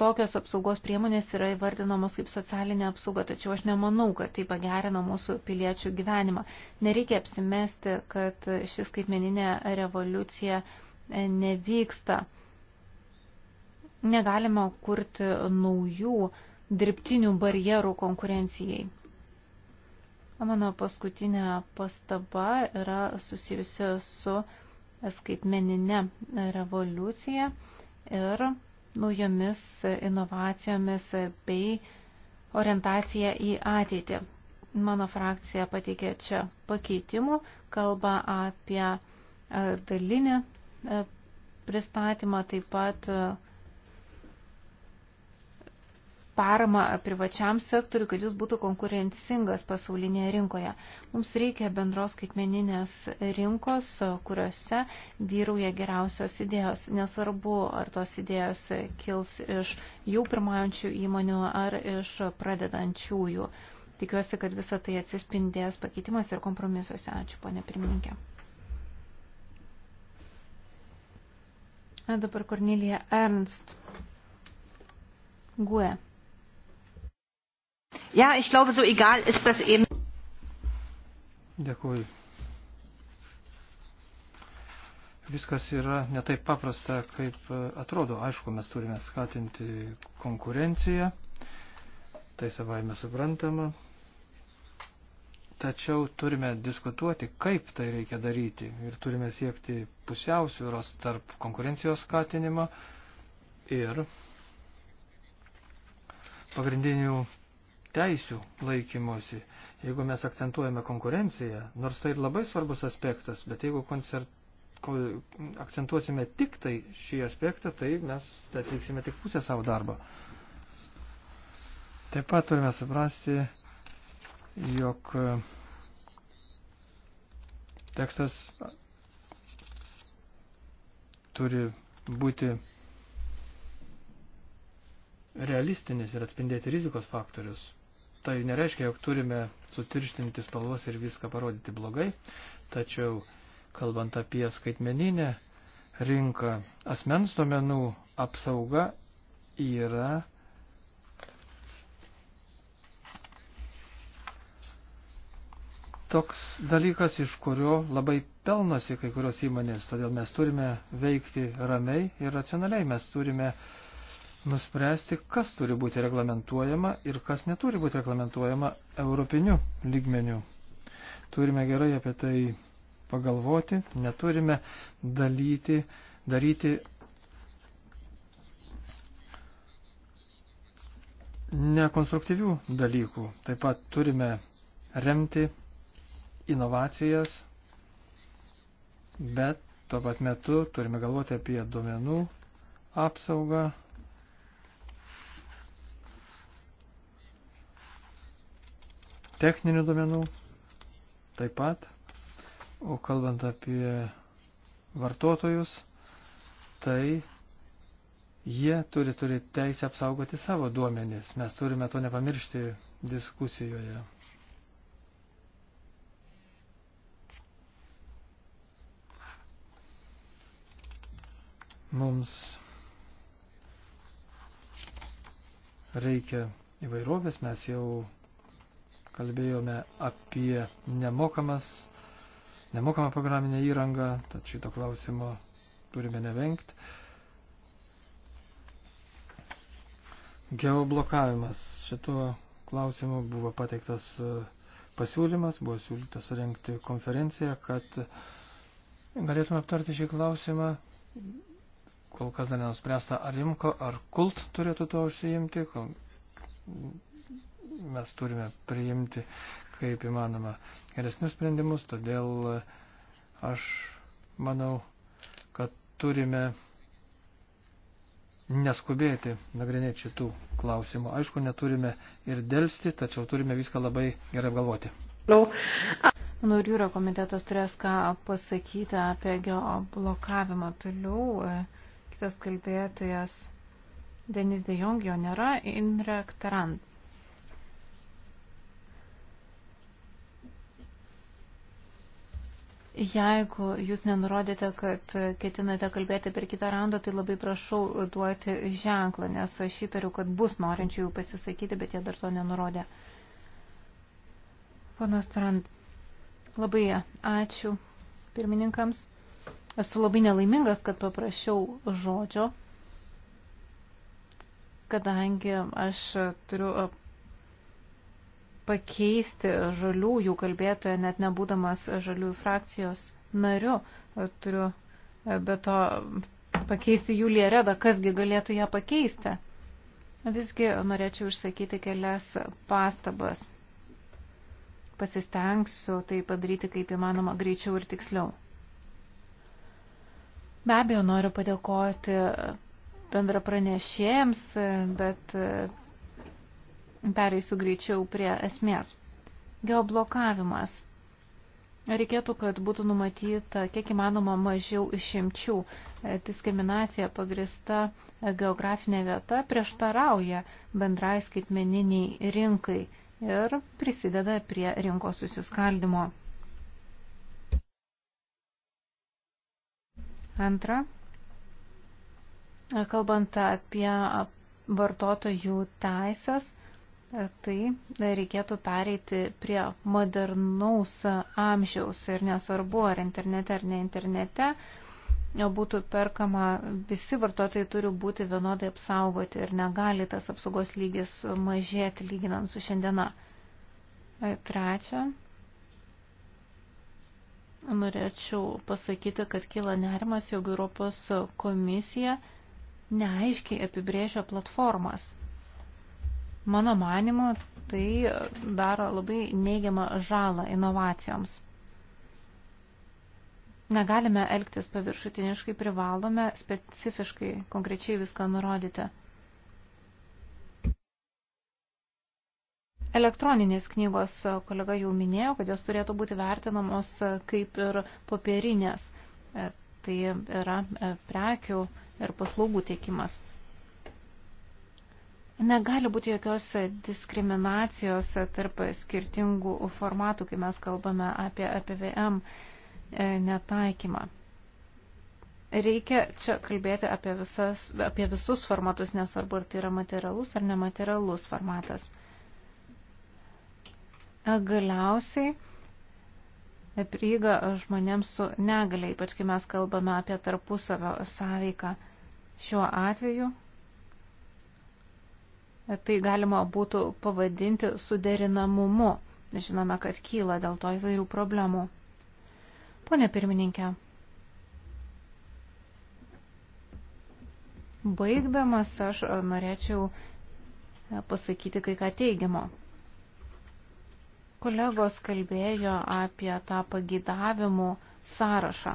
tokios apsaugos priemonės yra įvardinamos kaip socialinė apsauga, tačiau aš nemanau, kad tai pagerina mūsų piliečių gyvenimą. Nereikia apsimesti, kad ši skaitmeninė revoliucija e, nevyksta. Negalima kurti naujų dirbtinių barjerų konkurencijai. Mano paskutinė pastaba yra susijusi su skaitmeninė revoliucija ir naujomis inovacijomis bei orientacija į ateitį. Mano frakcija pateikė čia pakeitimų, kalba apie e, dalinį e, pristatymą, taip pat e, paramą privačiam sektoriu, kad jis būtų konkurencingas pasaulinėje rinkoje. Mums reikia bendros skaitmeninės rinkos, kuriuose vyrauja geriausios idėjos. Nesvarbu, ar tos idėjos kils iš jau pirmaujančių įmonių ar iš pradedančiųjų. Tikiuosi, kad visa tai atsispindės pakeitimas ir kompromisuose. Ačiū, ponė pirmininkė. A, dabar Kornelija Ernst. Gue. Ja, ich glaube, so egal ist das eben. Dėkuoju. Viskas yra netaip paprasta, kaip e, atrodo. Aišku, mes turime skatinti konkurenciją, tai savaime suprantama. Tačiau turime diskutuoti, kaip tai reikia daryti ir turime siekti pusiausvyros tarp konkurencijos skatinimo ir pagrindinių teisių laikymosi. Jeigu mes akcentuojame konkurenciją, nors tai ir labai svarbus aspektas, bet jeigu koncert, ko, akcentuosime tik tai šį aspektą, tai mes atliksime tik pusę savo darbo. Taip pat turime suprasti, jog tekstas turi būti realistinis ir atspindėti rizikos faktorius. Tai nereiškia, jog turime sutirštinti spalvas ir viską parodyti blogai, tačiau kalbant apie skaitmeninę rinką, asmens duomenų apsauga yra toks dalykas, iš kurio labai pelnosi kai kurios įmonės, todėl mes turime veikti ramiai ir racionaliai, mes turime uh, nuspręsti, kas turi būti reglamentuojama ir kas neturi būti reglamentuojama europiniu lygmeniu. Turime gerai apie tai pagalvoti, neturime dalyti, daryti nekonstruktyvių dalykų. Taip pat turime remti inovacijas, bet tuo pat metu turime galvoti apie duomenų apsaugą, techninių duomenų taip pat. O kalbant apie vartotojus, tai jie turi turėti teisę apsaugoti savo duomenis. Mes turime to nepamiršti diskusijoje. Mums reikia įvairovės, mes jau kalbėjome apie nemokamas, nemokamą programinę įrangą, tad šito klausimo turime nevengti. Geoblokavimas. Šituo klausimu buvo pateiktas e, pasiūlymas, buvo siūlyta surenkti konferenciją, kad galėtume aptarti šį klausimą. Kol kas dar nenuspręsta, ar Imko, ar Kult turėtų to užsiimti mes turime priimti kaip įmanoma geresnius sprendimus, todėl aš manau, kad turime neskubėti nagrinėti šitų klausimų. Aišku, neturime ir dėlsti, tačiau turime viską labai gerai apgalvoti. Manau, ir jūro komitetas turės ką pasakyti apie geoblokavimą toliau. Kitas kalbėtojas Denis De Jong jo nėra, Inrek Tarant. Jeigu jūs nenurodėte, kad ketinate kalbėti per kitą randą, tai labai prašau duoti ženklą, nes aš įtariu, kad bus norinčių jų pasisakyti, bet jie dar to nenurodė. Ponas Tarant, labai ačiū pirmininkams. Esu labai nelaimingas, kad paprašiau žodžio, kadangi aš turiu pakeisti žaliųjų kalbėtoją, net nebūdamas žaliųjų frakcijos nariu. Turiu e, be to pakeisti Juliją Redą, kasgi galėtų ją pakeisti. Visgi norėčiau išsakyti kelias pastabas. Pasistengsiu tai padaryti kaip įmanoma greičiau ir tiksliau. Be abejo, noriu padėkoti bendra pranešėjams, bet Pereisiu greičiau prie esmės. Geoblokavimas. Reikėtų, kad būtų numatyta kiek įmanoma mažiau išimčių. E, diskriminacija pagrista e, geografinė vieta prieštarauja bendrai skaitmeniniai rinkai ir prisideda prie rinkos susiskaldimo. Antra, e, kalbant apie vartotojų teisės, tai reikėtų pereiti prie modernaus amžiaus ir nesvarbu, ar internete ar ne internete būtų perkama, visi vartotojai turi būti vienodai apsaugoti ir negali tas apsaugos lygis mažėti lyginant su šiandiena. E, trečia, norėčiau pasakyti, kad kyla nerimas, jog Europos komisija neaiškiai apibrėžia platformas. Mano manimu, tai daro labai neigiamą žalą inovacijoms. Negalime elgtis paviršutiniškai, privalome specifiškai, konkrečiai viską nurodyti. Elektroninės knygos kolega jau minėjo, kad jos turėtų būti vertinamos kaip ir popierinės. E, tai yra e, prekių ir paslaugų teikimas. Negali būti jokios diskriminacijos tarp skirtingų formatų, kai mes kalbame apie APVM e, netaikymą. Reikia čia kalbėti apie, visas, apie visus formatus, nesvarbu, ar tai yra materialus ar nematerialus formatas. E, galiausiai e, prieiga žmonėms su negaliai, ypač kai mes kalbame apie tarpusavio sąveiką. Šiuo atveju tai galima būtų pavadinti suderinamumu. Žinome, kad kyla dėl to įvairių problemų. Pone pirmininkė, baigdamas aš norėčiau pasakyti kai ką teigiamo. Kolegos kalbėjo apie tą pagydavimų sąrašą.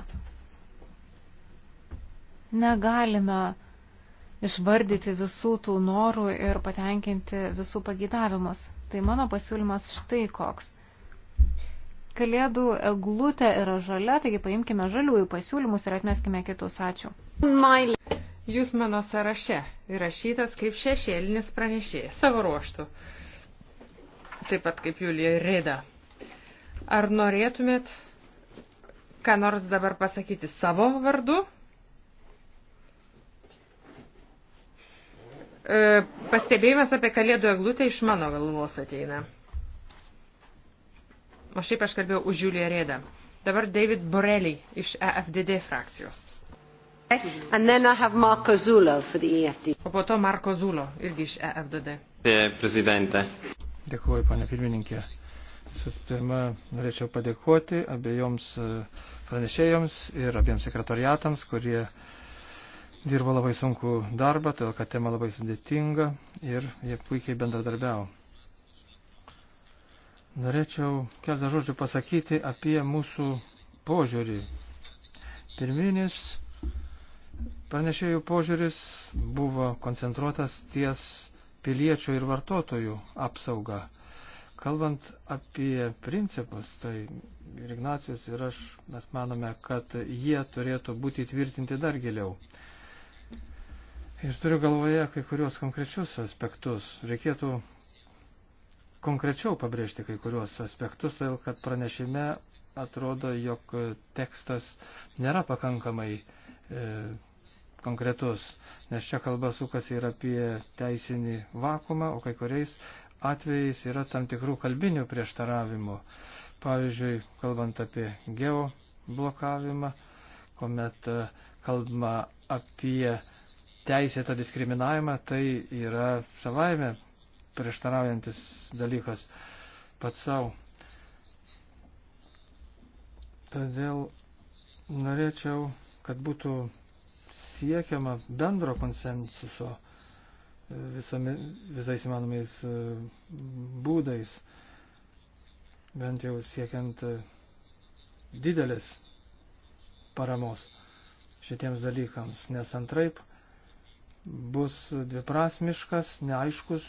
Negalime išvardyti visų tų norų ir patenkinti visų pagydavimus. Tai mano pasiūlymas štai koks. Kalėdų eglutė yra žalia, taigi paimkime žaliųjų pasiūlymus ir atmeskime kitus. Ačiū. Mailė. Jūs mano sąraše įrašytas kaip šešėlinis pranešėjas savo ruoštų. Taip pat kaip Julija Reda. Ar norėtumėt ką nors dabar pasakyti savo vardu E, pastebėjimas apie kalėdų eglutę iš mano galvos ateina. O šiaip aš kalbėjau už Juliją Rėdą. Dabar David Borelli iš EFDD frakcijos. E o po to Marko Zulo irgi iš EFDD. Prezidente. Dėkuoju, panė pirmininkė. Su pirma, norėčiau padėkoti abiejoms e, pranešėjoms ir abiems sekretoriatams, kurie uh, dirbo labai sunku darbą, todėl kad tema labai sudėtinga ir jie puikiai bendradarbiavo. Norėčiau keletą žodžių pasakyti apie mūsų požiūrį. Pirminis pranešėjų požiūris buvo koncentruotas ties piliečių ir vartotojų apsauga. Kalbant apie principus, tai Ignacijus ir aš mes manome, kad jie turėtų būti įtvirtinti dar giliau. Ir turiu galvoje kai kurios konkrečius aspektus. Reikėtų konkrečiau pabrėžti kai kurios aspektus, todėl kad pranešime atrodo, jog tekstas nėra pakankamai e, konkretus, nes čia kalba sukasi ir apie teisinį vakumą, o kai kuriais atvejais yra tam tikrų kalbinių prieštaravimų. Pavyzdžiui, kalbant apie geoblokavimą, kuomet e, kalbama apie teisėtą diskriminavimą, tai yra savaime prieštaraujantis dalykas pats savo. Todėl norėčiau, kad būtų siekiama bendro konsensuso visomi, visais įmanomais e, būdais, bent jau siekiant e, didelės paramos šitiems dalykams, nes antraip bus dviprasmiškas, neaiškus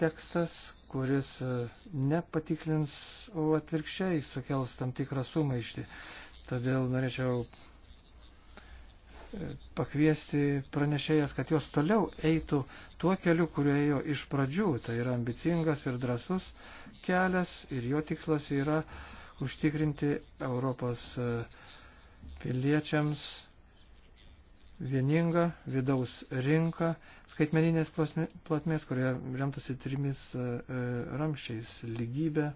tekstas, kuris e, nepatikslins, o atvirkščiai sukels tam tikrą sumaištį. Todėl norėčiau e, pakviesti pranešėjas, kad jos toliau eitų tuo keliu, kuriuo ėjo iš pradžių. Tai yra ambicingas ir drasus kelias ir jo tikslas yra užtikrinti Europos e, piliečiams vieninga vidaus rinka skaitmeninės platmės, kurie remtųsi trimis e, e, ramščiais - lygybė,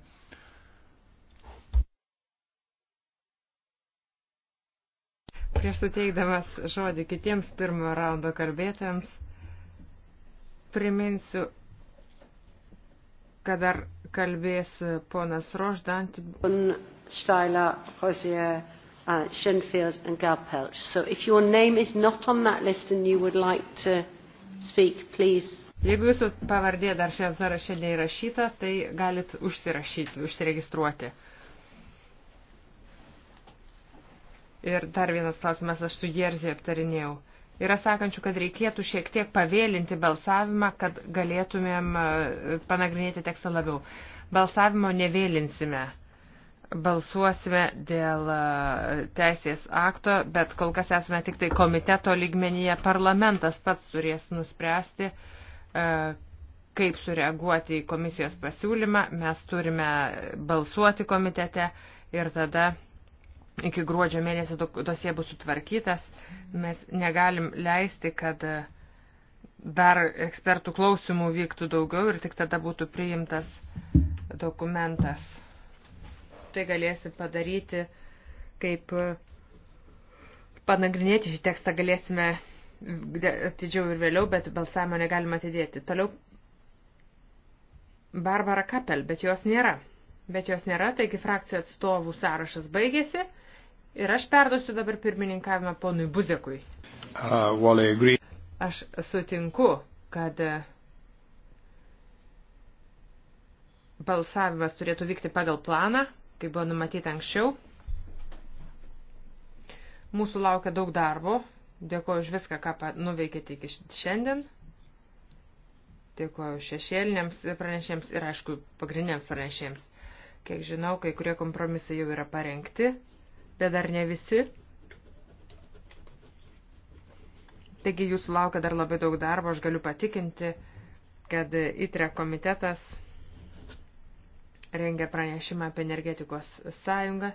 Prieš suteikdamas žodį kitiems pirmo raundo kalbėtams, priminsiu, kad dar kalbės ponas Roždant. Steiler, Rosier, uh, Schoenfield and Garpelch. So if your name is not on that list and you would like to speak, please. Jeigu jūsų pavardė dar šiam sąraše neįrašyta, tai galit užsirašyti, užsiregistruoti. Ir dar vienas klausimas, aš su Jerzė aptarinėjau. Yra sakančių, kad reikėtų šiek tiek pavėlinti balsavimą, kad galėtumėm uh, panagrinėti tekstą labiau. Balsavimo nevėlinsime balsuosime dėl e, teisės akto, bet kol kas esame tik tai komiteto lygmenyje. Parlamentas pats turės nuspręsti, e, kaip sureaguoti į komisijos pasiūlymą. Mes turime balsuoti komitete ir tada iki gruodžio mėnesio dosie bus sutvarkytas. Mes negalim leisti, kad e, dar ekspertų klausimų vyktų daugiau ir tik tada būtų priimtas dokumentas tai galėsim padaryti, kaip e, panagrinėti šį tekstą galėsime atidžiau ir vėliau, bet balsavimo negalima atidėti. Toliau Barbara Kapel, bet jos nėra. Bet jos nėra, taigi frakcijų atstovų sąrašas baigėsi ir aš perduosiu dabar pirmininkavimą ponui Buzekui. Uh, aš sutinku, kad e, balsavimas turėtų vykti pagal planą, kaip buvo numatyta anksčiau. Mūsų laukia daug darbo. Dėkuoju už viską, ką nuveikėte iki šiandien. Dėkuoju šešėliniams pranešėjams ir, aišku, pagrindiniams pranešėjams. Kiek žinau, kai kurie kompromisai jau yra parengti, bet dar ne visi. Taigi jūsų laukia dar labai daug darbo, aš galiu patikinti, kad ITRE komitetas rengia pranešimą apie energetikos sąjungą.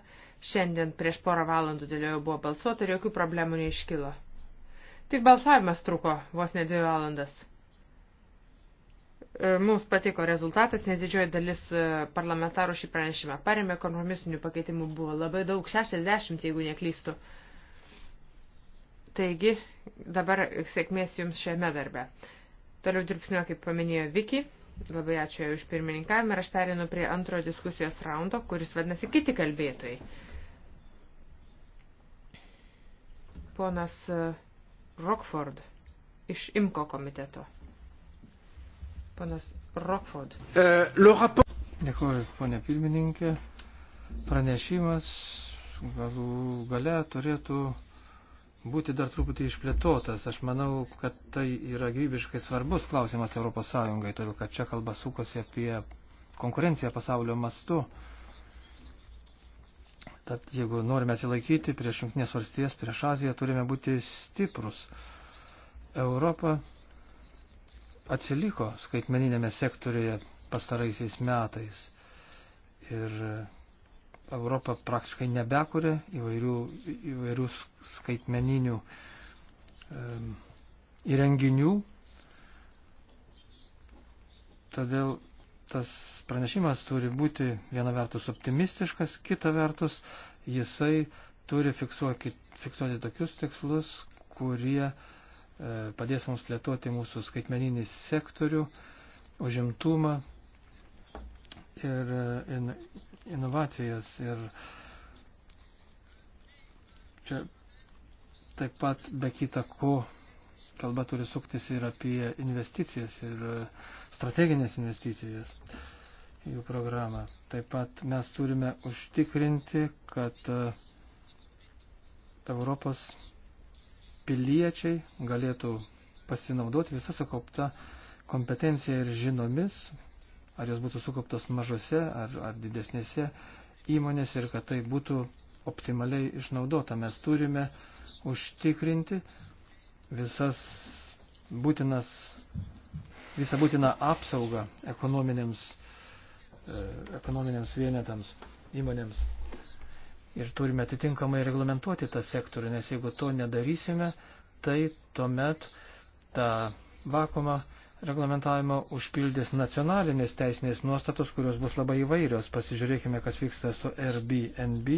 Šiandien prieš porą valandų dėl jo buvo balsuota ir jokių problemų neiškilo. Tik balsavimas truko vos ne dvi valandas. E, mums patiko rezultatas, nes didžioji dalis e, parlamentarų šį pranešimą paremė, kompromisinių pakeitimų buvo labai daug, 60 jeigu neklystu. Taigi, dabar sėkmės jums šiame darbe. Toliau dirbsime, kaip paminėjo Viki. Labai ačiū už pirmininkavimą ir aš perinu prie antrojo diskusijos raundo, kuris vadinasi kiti kalbėtojai. Ponas e, Rockford iš IMKO komiteto. Ponas Rockford. E, Dėkuoju, ponė pirmininkė. Pranešimas galų gale turėtų būti dar truputį išplėtotas. Aš manau, kad tai yra gyvybiškai svarbus klausimas ES, todėl kad čia kalba sukosi apie konkurenciją pasaulio mastu. Tad jeigu norime atsilaikyti prieš jungtinės valstijas, prieš Aziją, turime būti stiprus. Europa atsiliko skaitmeninėme sektorėje pastaraisiais metais. Ir Europa praktiškai nebekuria įvairių, įvairių skaitmeninių e, įrenginių. Todėl tas pranešimas turi būti viena vertus optimistiškas, kita vertus jisai turi fiksuoti, fiksuoti tokius tikslus, kurie e, padės mums plėtoti mūsų skaitmeninį sektorių, užimtumą, ir e, in, inovacijas. Ir čia taip pat be kita ko kalba turi suktis ir apie investicijas ir e, strateginės investicijas jų programą. Taip pat mes turime užtikrinti, kad e, Europos piliečiai galėtų pasinaudoti visą sukauptą kompetenciją ir žinomis ar jos būtų sukauptos mažose ar, ar didesnėse įmonėse ir kad tai būtų optimaliai išnaudota. Mes turime užtikrinti visas būtinas, visą būtiną apsaugą ekonominėms, e, ekonominėms vienetams, įmonėms. Ir turime atitinkamai reglamentuoti tą sektorių, nes jeigu to nedarysime, tai tuomet tą vakumą reglamentavimą užpildys nacionalinės teisinės nuostatos, kurios bus labai įvairios. Pasižiūrėkime, kas vyksta su Airbnb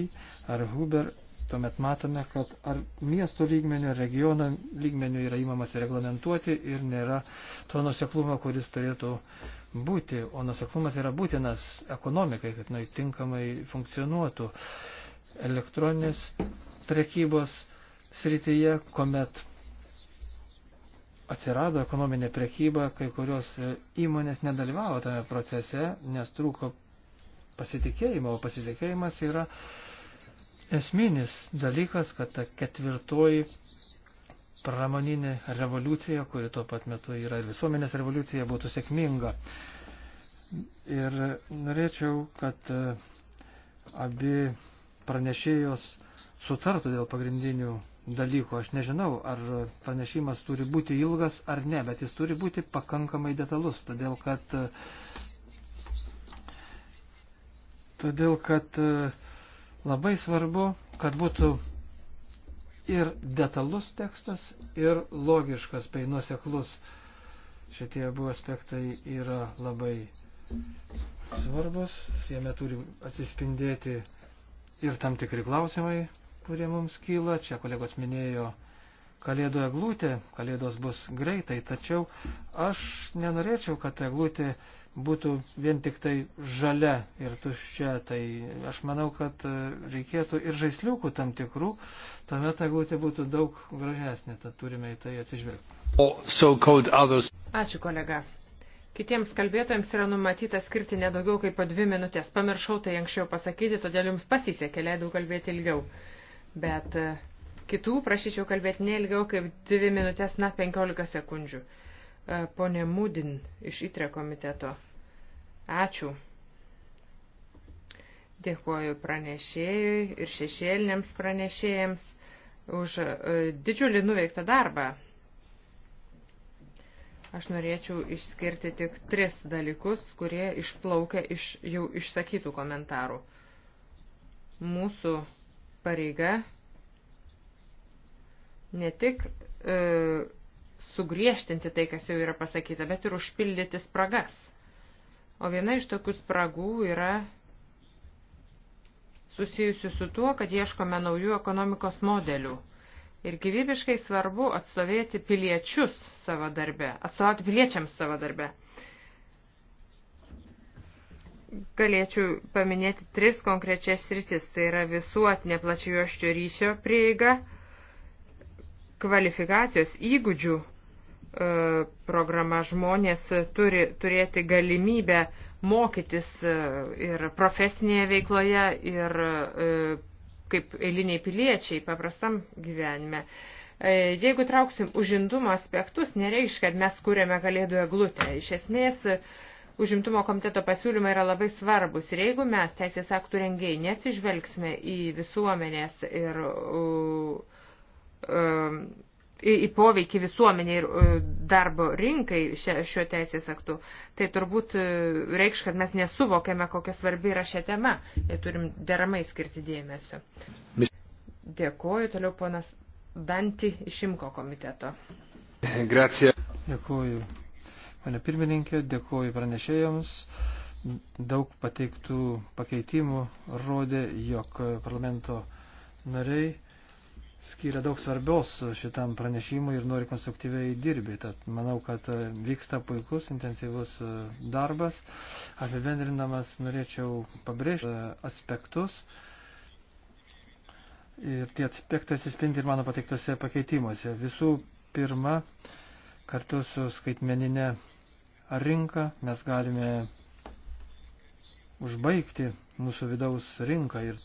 ar Uber. Tuomet matome, kad ar miesto lygmenio, regiono lygmenio yra įmamas reglamentuoti ir nėra to nuseklumo, kuris turėtų būti. O nuseklumas yra būtinas ekonomikai, kad jinai tinkamai funkcionuotų elektroninės prekybos srityje, kuomet atsirado ekonominė prekyba, kai kurios įmonės nedalyvavo tame procese, nes trūko pasitikėjimo, o pasitikėjimas yra esminis dalykas, kad ta ketvirtoji pramoninė revoliucija, kuri tuo pat metu yra ir visuomenės revoliucija, būtų sėkminga. Ir norėčiau, kad e, abi pranešėjos sutartų dėl pagrindinių dalykų. Aš nežinau, ar pranešimas turi būti ilgas ar ne, bet jis turi būti pakankamai detalus, todėl kad, todėl kad labai svarbu, kad būtų ir detalus tekstas, ir logiškas bei nuoseklus. Šitie abu aspektai yra labai svarbus, jame turi atsispindėti ir tam tikri klausimai, kurie mums kyla. Čia kolegos minėjo kalėdų eglutė, kalėdos bus greitai, tačiau aš nenorėčiau, kad eglutė būtų vien tik tai žalia ir tuščia. Tai aš manau, kad e, reikėtų ir žaisliukų tam tikrų, tuomet eglutė būtų daug gražesnė, tad turime į tai atsižvelgti. Ačiū kolega. Kitiems kalbėtojams yra numatyta skirti nedaugiau kaip po dvi minutės. Pamiršau tai anksčiau pasakyti, todėl jums pasisekė, leidau kalbėti ilgiau bet e, kitų prašyčiau kalbėti neilgiau kaip 2 minutės, na, 15 sekundžių. E, Pone Mudin iš ITRE komiteto. Ačiū. Dėkuoju pranešėjui ir šešėliniams pranešėjams už e, didžiulį nuveiktą darbą. Aš norėčiau išskirti tik tris dalykus, kurie išplaukia iš jau išsakytų komentarų. Mūsų pareiga ne tik e, sugriežtinti tai, kas jau yra pasakyta, bet ir užpildyti spragas. O viena iš tokių spragų yra susijusi su tuo, kad ieškome naujų ekonomikos modelių. Ir gyvybiškai svarbu atstovėti piliečius savo darbe, atstovauti piliečiams savo darbe. E, galėčiau paminėti tris konkrečias sritis. Tai yra visuotinė plačiojoščio ryšio prieiga, kvalifikacijos įgūdžių e, programa žmonės turi turėti galimybę mokytis e, ir profesinėje veikloje, ir e, kaip eiliniai piliečiai paprastam gyvenime. Jeigu trauksim užimdumo aspektus, nereiškia, kad mes kūrėme kalėdų eglutę. Iš esmės, užimtumo komiteto pasiūlymai yra labai svarbus. Ir jeigu mes, teisės aktų rengėjai, neatsižvelgsime į visuomenės ir uh, uh, į, į poveikį visuomenė ir uh, darbo rinkai šio teisės aktu, tai turbūt uh, reikš, kad mes nesuvokiame, kokia svarbi yra šia tema ir turim deramai skirti dėmesio. Dėkuoju, toliau ponas Danti iš Imko komiteto. Gracija. Dėkuoju, Pane pirmininkė, dėkuoju pranešėjams. Daug pateiktų pakeitimų rodė, jog parlamento nariai skiria daug svarbios šitam pranešimui ir nori konstruktyviai dirbi. Tad manau, kad vyksta puikus, intensyvus darbas. Apibendrinamas norėčiau pabrėžti aspektus. Ir tie aspektai atsispindi ir mano pateiktose pakeitimuose. Visų pirma, kartu su skaitmeninė rinką, mes galime užbaigti mūsų vidaus rinką ir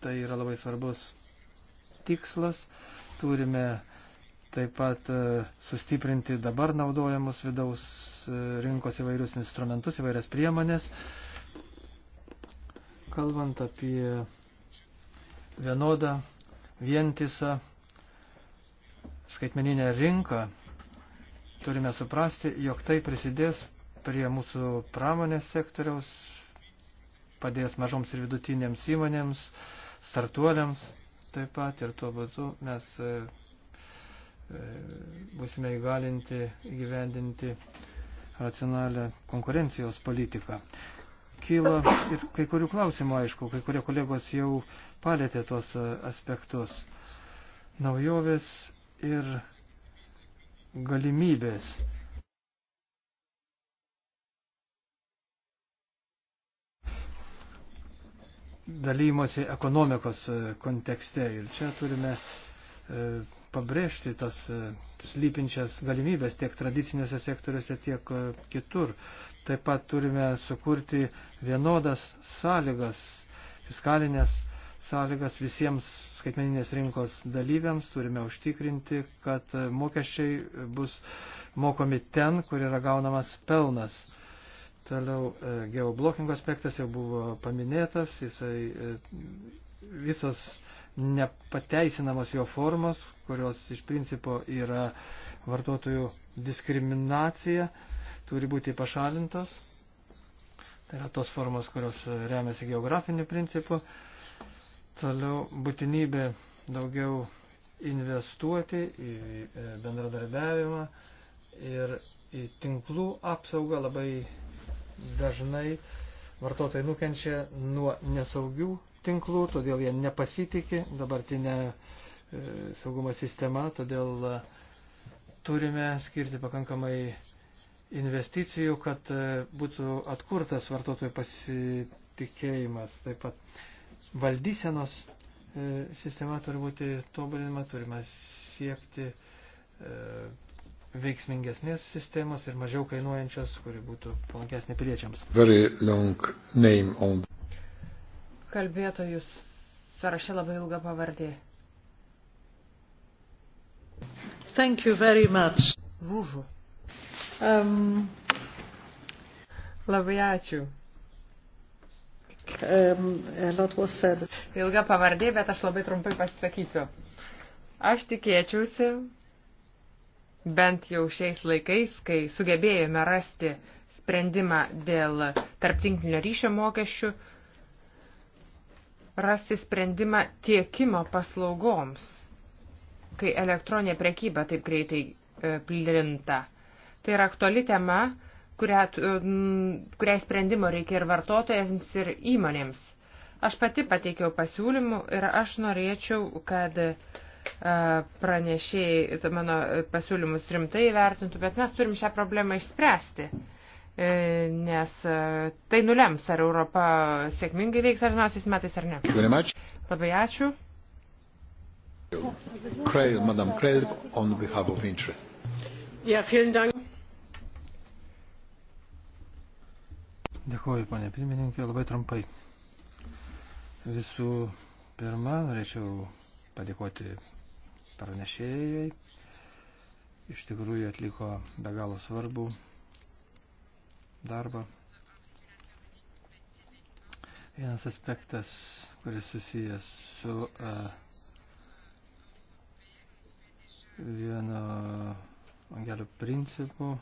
tai yra labai svarbus tikslas. Turime taip pat e, sustiprinti dabar naudojamus vidaus e, rinkos įvairius instrumentus, įvairias priemonės. Kalbant apie vienodą, vientisą skaitmeninę rinką, Turime suprasti, jog tai prisidės prie mūsų pramonės sektoriaus, padės mažoms ir vidutinėms įmonėms, startuoliams taip pat ir tuo būdu mes e, e, būsime įgalinti įgyvendinti racionalią konkurencijos politiką. Kyla ir kai kurių klausimų, aišku, kai kurie kolegos jau palėtė tuos e, aspektus. Naujovės ir galimybės. dalymosi ekonomikos e, kontekste. Ir čia turime e, pabrėžti tas e, slypinčias galimybės tiek tradiciniuose sektoriuose, tiek kitur. Taip pat turime sukurti vienodas sąlygas, fiskalinės sąlygas visiems skaitmeninės rinkos dalyviams, turime užtikrinti, kad mokesčiai bus mokomi ten, kur yra gaunamas pelnas. Toliau e, geoblokingo aspektas jau buvo paminėtas, jisai e, visos nepateisinamos jo formos, kurios iš principo yra vartotojų diskriminacija, turi būti pašalintos. Tai yra tos formos, kurios remiasi geografiniu principu. E, Toliau būtinybė daugiau investuoti į e, bendradarbiavimą ir į tinklų apsaugą labai dažnai vartotojai nukenčia nuo nesaugių tinklų, todėl jie nepasitikė dabartinę e, saugumo sistemą, todėl e, turime skirti pakankamai investicijų, kad būtų atkurtas vartotojų pasitikėjimas. Taip pat valdysenos e, sistema turi būti tobulinama, turime siekti e, veiksmingesnės sistemos ir mažiau kainuojančios, kuri būtų palankesnė piliečiams. On... Kalbėtojus sąraše labai ilga pavardė. Thank you very much. Žūžu. Um, labai ačiū. Um, Ilga pavardė, bet aš labai trumpai pasisakysiu. Aš tikėčiausi, bent jau šiais laikais, kai sugebėjome rasti sprendimą dėl tarptinklinio ryšio mokesčių, rasti sprendimą tiekimo paslaugoms, kai elektroninė prekyba taip greitai e, plinta. Tai yra aktuali tema, kurią, kuriai sprendimo reikia ir vartotojams, ir įmonėms. Aš pati pateikiau pasiūlymų ir aš norėčiau, kad e, pranešėjai mano pasiūlymus rimtai vertintų, bet mes turim šią problemą išspręsti, e, nes e, tai nulems, ar Europa sėkmingai veiks artimiausiais metais ar ne. Labai ačiū. Kreil, Madam Kreil, on behalf of Intre. Ja, vielen Dank. Dėkuoju, ponė pirmininkė, labai trumpai. Visų pirma, norėčiau padėkoti pranešėjai. Iš tikrųjų atliko be galo svarbų darbą. Vienas aspektas, kuris susijęs su uh, vieno angelio principu,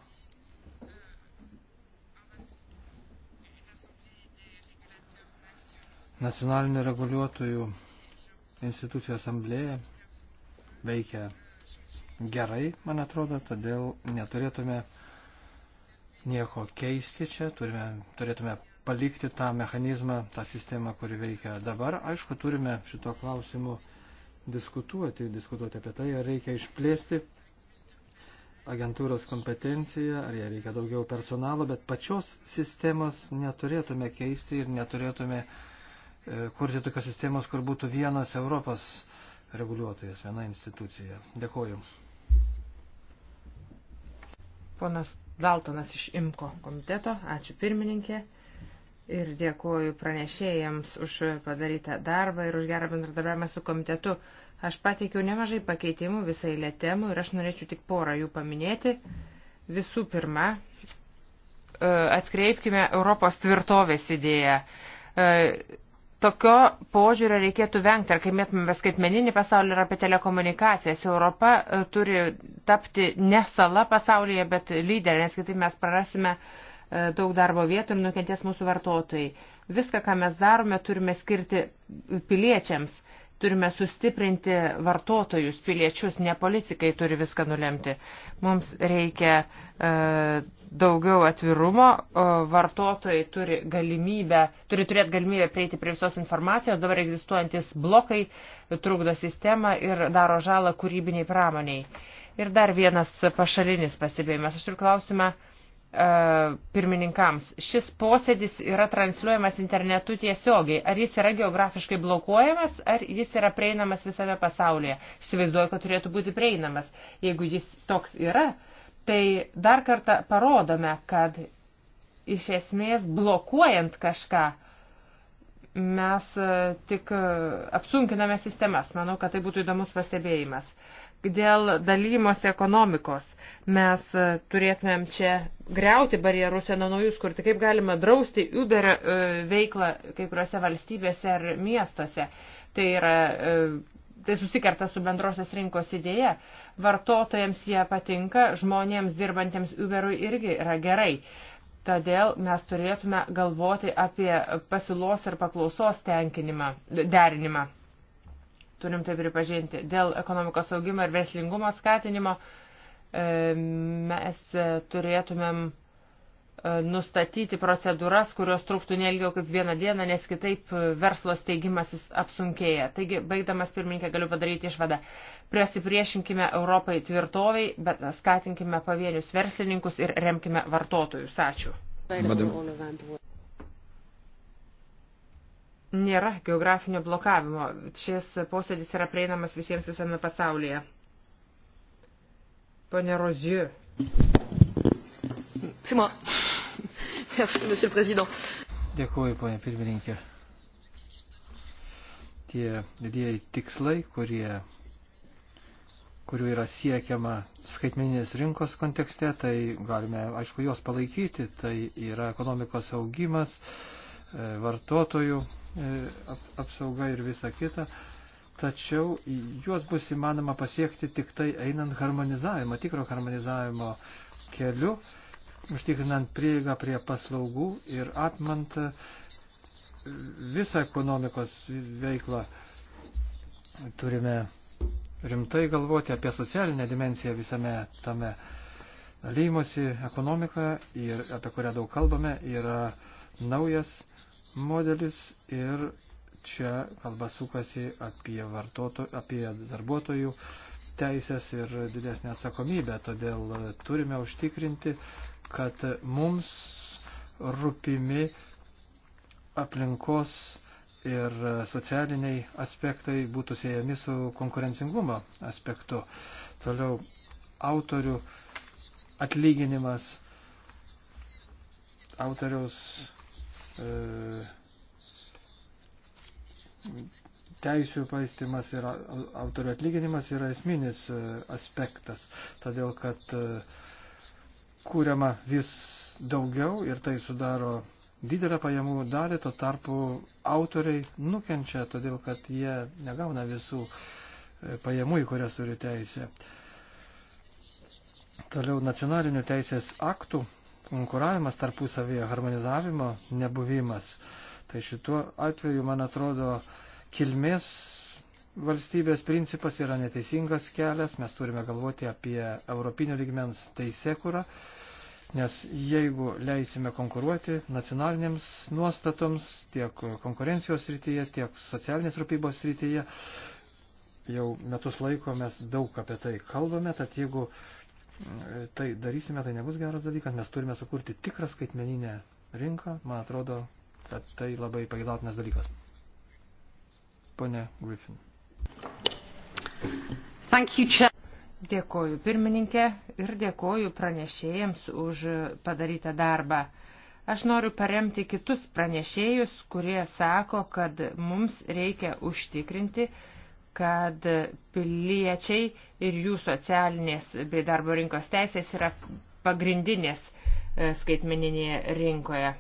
nacionalinių reguliuotojų institucijų asamblėje veikia gerai, man atrodo, todėl neturėtume nieko keisti čia, turime, turėtume palikti tą mechanizmą, tą sistemą, kuri veikia dabar. Aišku, turime šito klausimu diskutuoti, diskutuoti apie tai, ar reikia išplėsti agentūros kompetenciją, ar jie reikia daugiau personalo, bet pačios sistemos neturėtume keisti ir neturėtume uh, E, kurti tokios sistemos, kur būtų vienas Europos reguliuotojas, viena institucija. Dėkoju. Ponas Daltonas iš IMKO komiteto, ačiū pirmininkė ir dėkoju pranešėjams už padarytą darbą ir už gerą bendradarbiavimą su komitetu. Aš pateikiau nemažai pakeitimų visai lėtemų ir aš norėčiau tik porą jų paminėti. Visų pirma, e, atkreipkime Europos tvirtovės idėją e, Tokio požiūrio reikėtų vengti, ar kaimėtume skaitmeninį pasaulį ir apie telekomunikacijas. Europa e, turi tapti ne sala pasaulyje, bet lyderė, nes kitaip mes prarasime e, daug darbo vietų ir nukentės mūsų vartotojai. Viską, ką mes darome, turime skirti piliečiams Turime sustiprinti vartotojus, piliečius, ne politikai turi viską nulemti. Mums reikia e, daugiau atvirumo, o vartotojai turi galimybę, turi turėti galimybę prieiti prie visos informacijos, dabar egzistuojantis blokai trukdo sistemą ir daro žalą kūrybiniai pramoniai. Ir dar vienas pašalinis pasibėjimas. Aš turiu klausimą E, pirmininkams. Šis posėdis yra transliuojamas internetu tiesiogiai. Ar jis yra geografiškai blokuojamas, ar jis yra prieinamas visame pasaulyje? Įsivaizduoju, kad turėtų būti prieinamas. Jeigu jis toks yra, tai dar kartą parodome, kad iš esmės blokuojant kažką mes e, tik e, apsunkiname sistemas. Manau, kad tai būtų įdomus pastebėjimas dėl dalymosi ekonomikos. Mes e, turėtumėm čia greuti barjerus ir nuo naujus, kur tik kaip galima drausti Uber e, veiklą kai kuriuose valstybėse ar miestuose. Tai yra e, tai susikerta su bendrosios rinkos idėja. Vartotojams jie patinka, žmonėms dirbantiems Uberui irgi yra gerai. Todėl mes turėtume galvoti apie pasiūlos ir paklausos tenkinimą, derinimą turim tai pripažinti. Dėl ekonomikos augimo ir verslingumo skatinimo e, mes e, turėtumėm e, nustatyti procedūras, kurios truktų nelgiau kaip vieną dieną, nes kitaip verslo steigimasis apsunkėja. Taigi, baigdamas pirmininkę, galiu padaryti išvadą. Prasipriešinkime Europai tvirtoviai, bet skatinkime pavienius verslininkus ir remkime vartotojus. Ačiū. Madam nėra geografinio blokavimo. Šis posėdis yra prieinamas visiems visame pasaulyje. Pone Roziu. Dėkuoju, ponė pirmininkė. Tie didieji tikslai, kurie, kurių yra siekiama skaitmeninės rinkos kontekste, tai galime, aišku, juos palaikyti. Tai yra ekonomikos augimas, e, vartotojų E, apsauga ir visa kita. Tačiau juos bus įmanoma pasiekti tik tai einant harmonizavimo, tikro harmonizavimo keliu, užtikrinant prieigą prie paslaugų ir atmant e, visą ekonomikos veiklą. Turime rimtai galvoti apie socialinę dimensiją visame tame dalymosi ekonomika, ir, apie kurią daug kalbame, yra naujas modelis ir čia kalba sukasi apie, vartoto, apie darbuotojų teisės ir didesnę atsakomybę. Todėl turime užtikrinti, kad mums rūpimi aplinkos ir socialiniai aspektai būtų siejami su konkurencingumo aspektu. Toliau autorių atlyginimas, autoriaus E, teisų paistimas ir autorių atlyginimas yra esminis e, aspektas, todėl kad e, kūriama vis daugiau ir tai sudaro didelę pajamų dalį, to tarpu autoriai nukenčia, todėl kad jie negauna visų pajamų, į kurias turi teisę. Toliau nacionalinių teisės aktų konkuravimas tarpusavėje, harmonizavimo nebuvimas. Tai šituo atveju, man atrodo, kilmės valstybės principas yra neteisingas kelias, mes turime galvoti apie europinio lygmens teisėkurą, nes jeigu leisime konkuruoti nacionalinėms nuostatoms tiek konkurencijos srityje, tiek socialinės rūpybos srityje, jau metus laiko mes daug apie tai kalbame, tad jeigu tai darysime, tai nebus geras dalykas, mes turime sukurti tikrą skaitmeninę rinką, man atrodo, kad tai labai pagėdautinas dalykas. Pone Griffin. Thank you, Chair. Dėkoju pirmininkė ir dėkoju pranešėjams už padarytą darbą. Aš noriu paremti kitus pranešėjus, kurie sako, kad mums reikia užtikrinti, kad piliečiai ir jų socialinės bei darbo rinkos teisės yra pagrindinės e, skaitmeninėje rinkoje.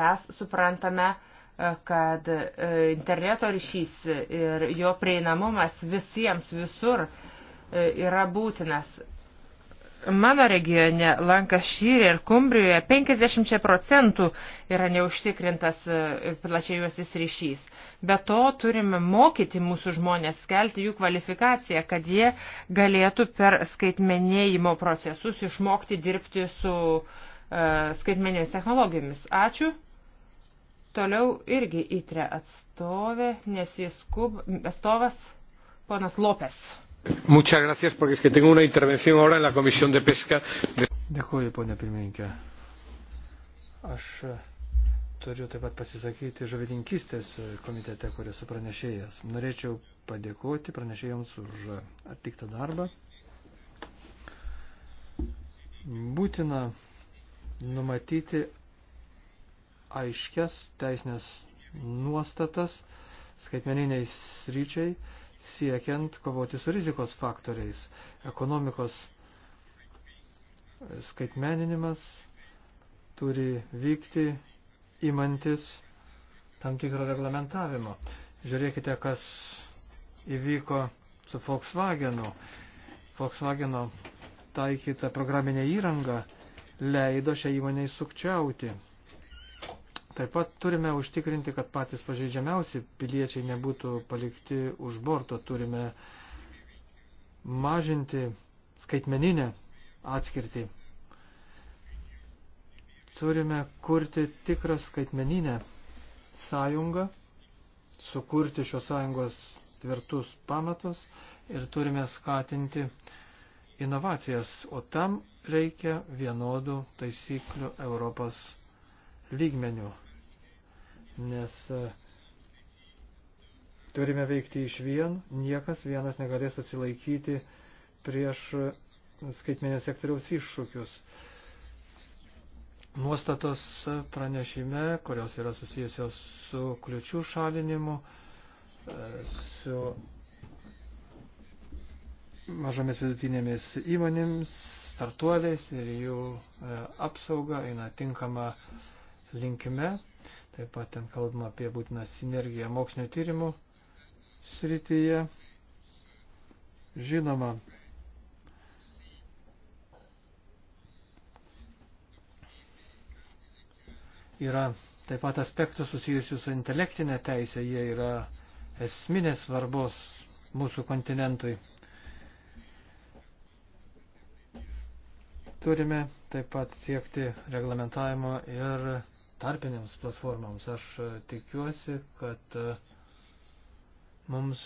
Mes suprantame, e, kad e, interneto ryšys ir jo prieinamumas visiems visur yra būtinas. Mano regione, Lankašyrė ir Kumbrijoje, 50 procentų yra neužtikrintas e, plačiai juosis ryšys. Be to turime mokyti mūsų žmonės, kelti jų kvalifikaciją, kad jie galėtų per skaitmenėjimo procesus išmokti dirbti su uh, e, skaitmeninėmis technologijomis. Ačiū. Toliau irgi įtre atstovė, nes jis skub, atstovas ponas Lopes. Muchas gracias, porque es que tengo una intervención ahora en la Comisión de Pesca. Dėkuoju, ponia pirmininkė. Aš e, turiu taip pat pasisakyti žuvininkystės e, komitete, kuris su pranešėjas. Norėčiau padėkoti pranešėjams už atliktą darbą. Būtina numatyti aiškias teisinės nuostatas skaitmeniniais ryčiai siekiant kovoti su rizikos faktoriais. Ekonomikos skaitmeninimas turi vykti įmantis tam tikro reglamentavimo. Žiūrėkite, kas įvyko su Volkswagenu. Volkswageno taikyta programinė įranga leido šią įmonę sukčiauti. Taip pat turime užtikrinti, kad patys pažeidžiamiausi piliečiai nebūtų palikti už borto. Turime mažinti skaitmeninę atskirtį. Turime kurti tikrą skaitmeninę sąjungą, sukurti šios sąjungos tvirtus pamatus ir turime skatinti inovacijas, o tam reikia vienodų taisyklių Europos lygmenių, nes e, turime veikti iš vien, niekas vienas negalės atsilaikyti prieš skaitmenio sektoriaus iššūkius. Nuostatos pranešime, kurios yra susijusios su kliučių šalinimu, e, su mažomis vidutinėmis įmonėmis, startuoliais ir jų e, apsauga eina tinkama uh, linkme. Taip pat ten kalbama apie būtiną sinergiją mokslinio tyrimų srityje. Žinoma, yra taip pat aspektų susijusių su intelektinė teisė, jie yra esminės svarbos mūsų kontinentui. Turime taip pat siekti reglamentavimo ir tarpinėms platformoms. Aš e, tikiuosi, kad e, mums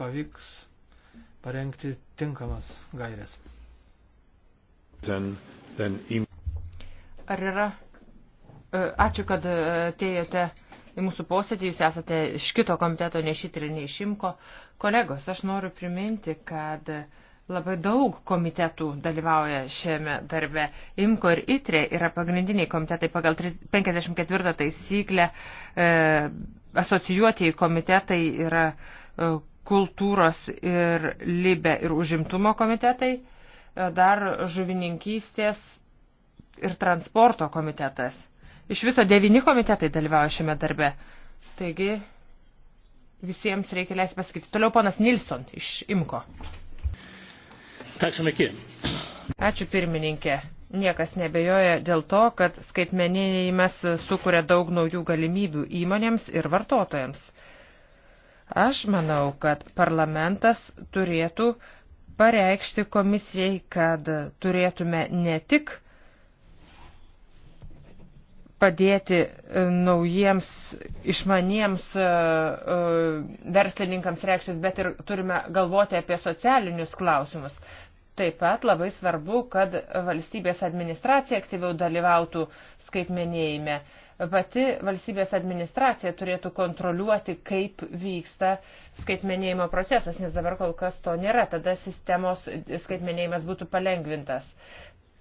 pavyks parengti tinkamas gairias. Ar yra? E, ačiū, kad atėjote į mūsų posėdį, jūs esate iš kito komiteto, ne šitrinį, iš imko. Kolegos, aš noriu priminti, kad Labai daug komitetų dalyvauja šiame darbe. IMKO ir ITRE yra pagrindiniai komitetai pagal 54 taisyklę. E, asocijuotieji komitetai yra e, kultūros ir libe ir užimtumo komitetai. E, dar žuvininkystės ir transporto komitetas. Iš viso devini komitetai dalyvauja šiame darbe. Taigi visiems reikia leisti pasakyti. Toliau ponas Nilsson iš IMKO. Ačiū pirmininkė. Niekas nebejoja dėl to, kad skaitmeninimas sukuria daug naujų galimybių įmonėms ir vartotojams. Aš manau, kad parlamentas turėtų pareikšti komisijai, kad turėtume ne tik padėti e, naujiems išmaniems e, e, verslininkams reikštis, bet ir turime galvoti apie socialinius klausimus. Taip pat labai svarbu, kad valstybės administracija aktyviau dalyvautų skaitmenėjime. Pati valstybės administracija turėtų kontroliuoti, kaip vyksta skaitmenėjimo procesas, nes dabar kol kas to nėra, tada sistemos skaitmenėjimas būtų palengvintas.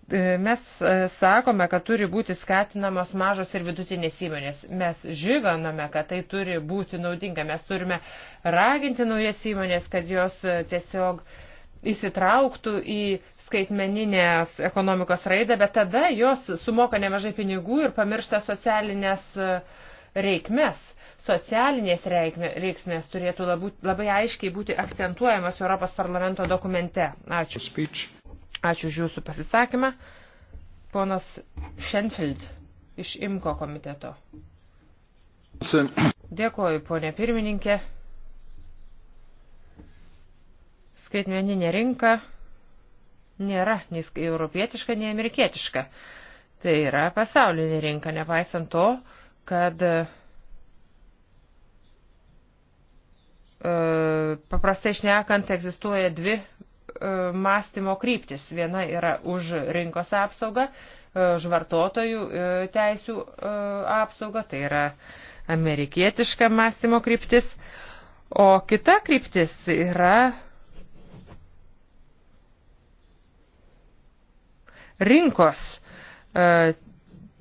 E, mes e, sakome, kad turi būti skatinamos mažos ir vidutinės įmonės. Mes žyganome, kad tai turi būti naudinga. Mes turime raginti naujas įmonės, kad jos e, tiesiog uh, įsitrauktų į skaitmeninės ekonomikos raidą, bet tada jos sumoka nemažai pinigų ir pamiršta socialinės e, reikmes. Socialinės reikmes turėtų labai, labai aiškiai būti akcentuojamas Europos parlamento dokumente. Ačiū. Speech. Ačiū už jūsų pasisakymą. Ponas Schenfeld iš IMKO komiteto. Dėkuoju, ponė pirmininkė. skaitmeninė rinka nėra nei europietiška, nei amerikietiška. Tai yra pasaulinė rinka, nepaisant to, kad e, paprastai šnekant egzistuoja dvi e, mąstymo kryptis. Viena yra už rinkos apsaugą, e, už vartotojų e, teisių e, apsaugą, tai yra amerikietiška mąstymo kryptis, o kita kryptis yra rinkos e,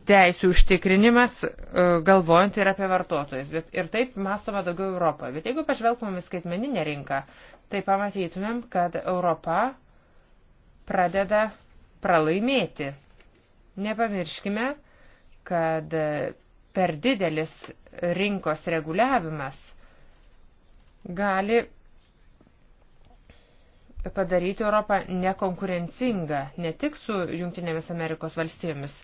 teisų užtikrinimas, e, galvojant ir apie vartotojus. Bet ir taip mąstoma daugiau Europoje. Bet jeigu pažvelgtumėm į skaitmeninę rinką, tai pamatytumėm, kad Europa pradeda pralaimėti. Nepamirškime, kad per didelis rinkos reguliavimas gali padaryti Europą nekonkurencingą ne tik su Junktinėmis Amerikos valstijomis,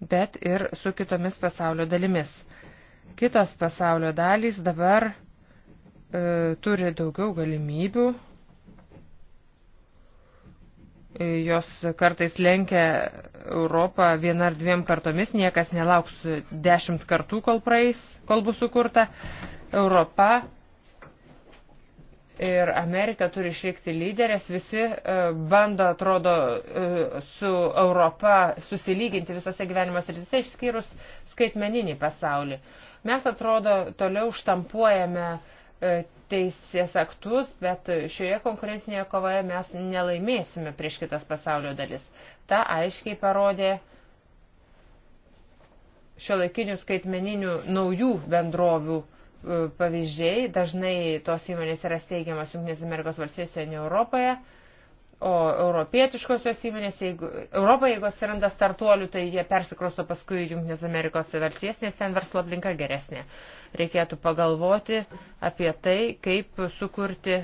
bet ir su kitomis pasaulio dalimis. Kitos pasaulio dalys dabar e, turi daugiau galimybių, e, jos kartais lenkia Europą vieną ar dviem kartomis, niekas nelauks dešimt kartų, kol praeis, kol bus sukurta Europa ir Amerika turi išlikti lyderės, visi e, bando, atrodo, e, su Europa susilyginti visose gyvenimo srityse, išskyrus skaitmeninį pasaulį. Mes, atrodo, toliau štampuojame e, teisės aktus, bet šioje konkurencinėje kovoje mes nelaimėsime prieš kitas pasaulio dalis. Ta aiškiai parodė šio laikinių skaitmeninių naujų bendrovių uh, pavyzdžiai. Dažnai tos įmonės yra steigiamas Junktinės Amerikos valstijose, ne Europoje. O europietiškosios įmonės, jeigu Europoje, jeigu atsiranda startuolių, tai jie persikrosto paskui Junktinės Amerikos valstijas, nes ten verslo aplinka geresnė. Reikėtų pagalvoti apie tai, kaip sukurti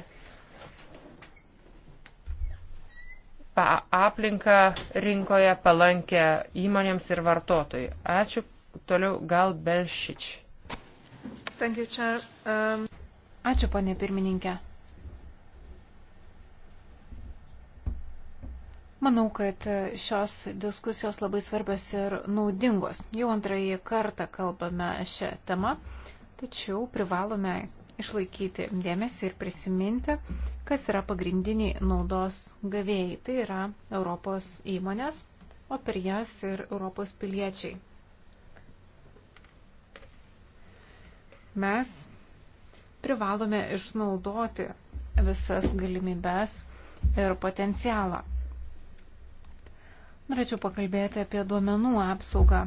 aplinką rinkoje palankę įmonėms ir vartotojai. Ačiū. Toliau gal Belšič. Thank you, Chair. Um... Ačiū, ponė pirmininkė. Manau, kad šios diskusijos labai svarbios ir naudingos. Jau antrąjį kartą kalbame šią temą, tačiau privalome išlaikyti dėmesį ir prisiminti, kas yra pagrindiniai naudos gavėjai. Tai yra Europos įmonės, o per jas ir Europos piliečiai. Mes privalome išnaudoti visas galimybes ir potencialą. Norėčiau pakalbėti apie duomenų apsaugą.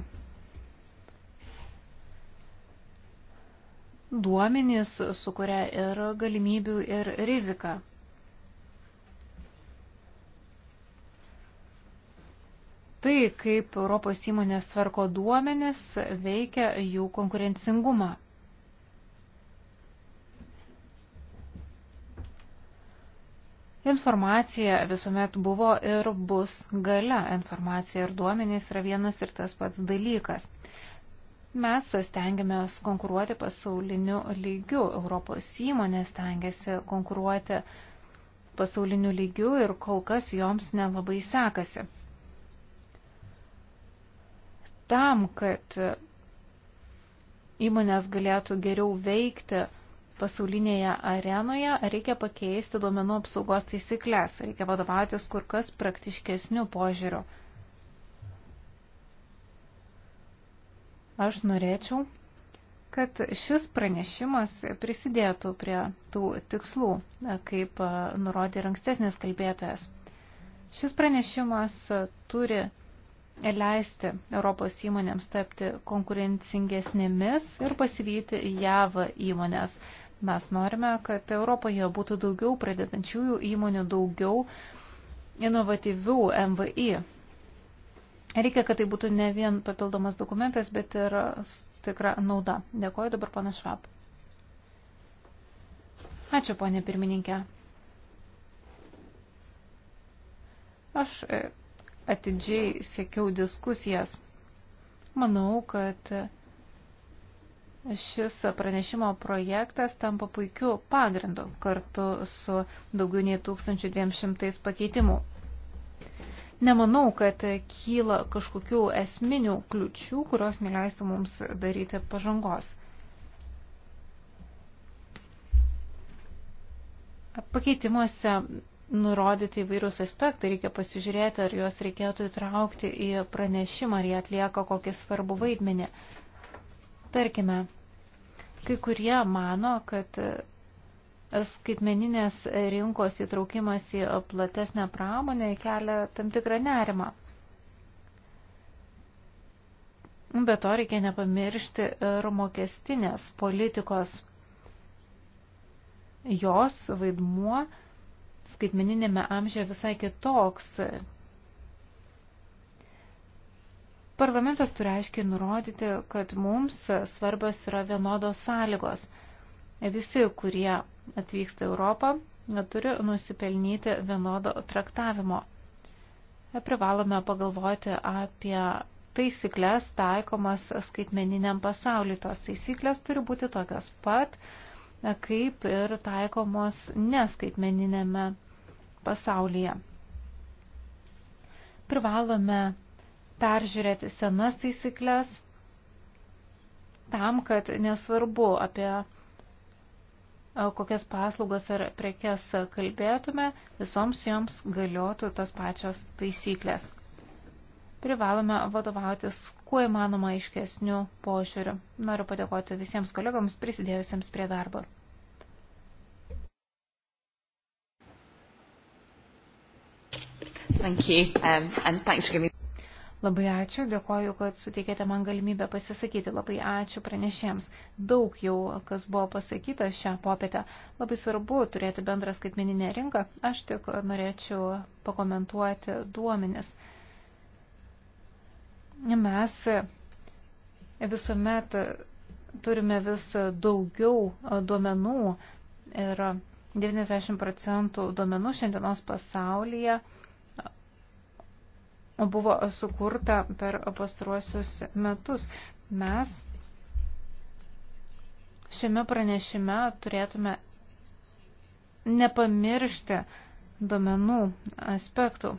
Duomenys sukuria ir galimybių, ir riziką. Tai, kaip Europos įmonės tvarko duomenis, veikia jų konkurencingumą. Informacija visuomet buvo ir bus gale. Informacija ir duomenys yra vienas ir tas pats dalykas. Mes stengiamės konkuruoti pasauliniu lygiu. Europos įmonė stengiasi konkuruoti pasauliniu lygiu ir kol kas joms nelabai sekasi. Tam, kad įmonės galėtų geriau veikti, pasaulinėje arenoje, reikia pakeisti duomenų apsaugos taisyklės, reikia vadovautis kur kas praktiškesnių požiūrių. Aš norėčiau, kad šis pranešimas prisidėtų prie tų tikslų, kaip nurodė ir ankstesnis kalbėtojas. Šis pranešimas turi leisti Europos įmonėms tapti konkurencingesnėmis ir pasivyti JAV įmonės. Mes norime, kad Europoje būtų daugiau pradedančiųjų įmonių, daugiau inovatyvių MVI. Reikia, kad tai būtų ne vien papildomas dokumentas, bet ir tikra nauda. Dėkoju dabar pana Švab. Ačiū, ponė pirmininkė. Aš e, atidžiai sėkiau diskusijas. Manau, kad Šis pranešimo projektas tampa puikiu pagrindu kartu su daugiau nei 1200 pakeitimų. Nemanau, kad kyla kažkokių esminių kliučių, kurios neleistų mums daryti pažangos. Pakeitimuose nurodyti įvairūs aspektai, reikia pasižiūrėti, ar juos reikėtų įtraukti į pranešimą, ar jie atlieka kokį svarbų vaidmenį. Tarkime, kai kurie mano, kad skaitmeninės rinkos įtraukimas į platesnę pramonę kelia tam tikrą nerimą. Be to reikia nepamiršti ir mokestinės politikos. Jos vaidmuo skaitmeninėme amžiuje visai kitoks, Parlamentas turi aiškiai nurodyti, kad mums svarbios yra vienodos sąlygos. Visi, kurie atvyksta Europą, turi nusipelnyti vienodo traktavimo. Privalome pagalvoti apie taisyklės taikomas skaitmeniniam pasauliu. Tos taisyklės turi būti tokios pat, kaip ir taikomos neskaitmeninėme pasaulyje. Privalome peržiūrėti senas taisyklės tam, kad nesvarbu apie kokias paslaugas ar prekes kalbėtume, visoms joms galiotų tos pačios taisyklės. Privalome vadovautis kuo įmanoma aiškesnių požiūrių. Noriu padėkoti visiems kolegams prisidėjusiems prie darbo. Thank you, um, and thanks for giving me... Labai ačiū, dėkoju, kad suteikėte man galimybę pasisakyti. Labai ačiū pranešėms. Daug jau, kas buvo pasakyta šią popietę. Labai svarbu turėti bendrą skaitmeninę rinką. Aš tik norėčiau pakomentuoti duomenis. Mes visuomet turime vis daugiau duomenų ir 90 procentų duomenų šiandienos pasaulyje buvo sukurta per pastaruosius metus. Mes šiame pranešime turėtume nepamiršti domenų aspektų.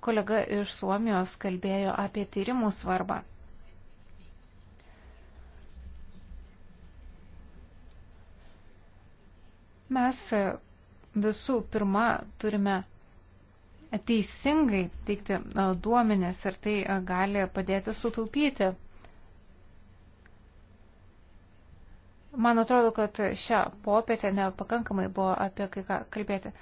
Kolega iš Suomijos kalbėjo apie tyrimų svarbą. Mes visų pirma turime teisingai teikti duomenis ir tai gali padėti sutaupyti. Man atrodo, kad šią popietę nepakankamai buvo apie kai ką kalbėti.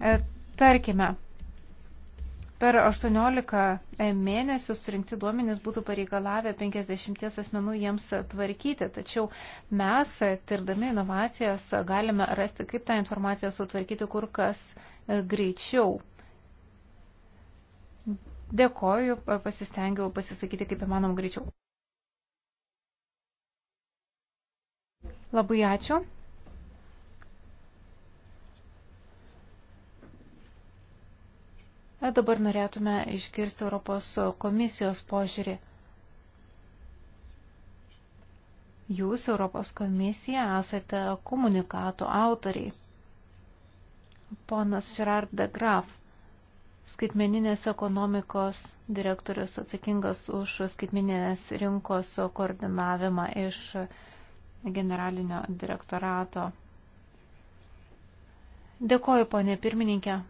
E, tarkime, Per 18 e, mėnesių surinkti duomenys būtų pareikalavę 50 asmenų jiems tvarkyti, tačiau mes, tirdami inovacijas, galime rasti, kaip tą informaciją sutvarkyti kur kas e, greičiau. Dėkoju, pasistengiau pasisakyti kaip įmanom greičiau. Labai ačiū. Dabar norėtume išgirsti Europos komisijos požiūrį. Jūs, Europos komisija, esate komunikato autoriai. Ponas Gerard de Graf, skaitmeninės ekonomikos direktorius atsakingas už skaitmeninės rinkos koordinavimą iš generalinio direktorato. Dėkoju, ponė pirmininkė.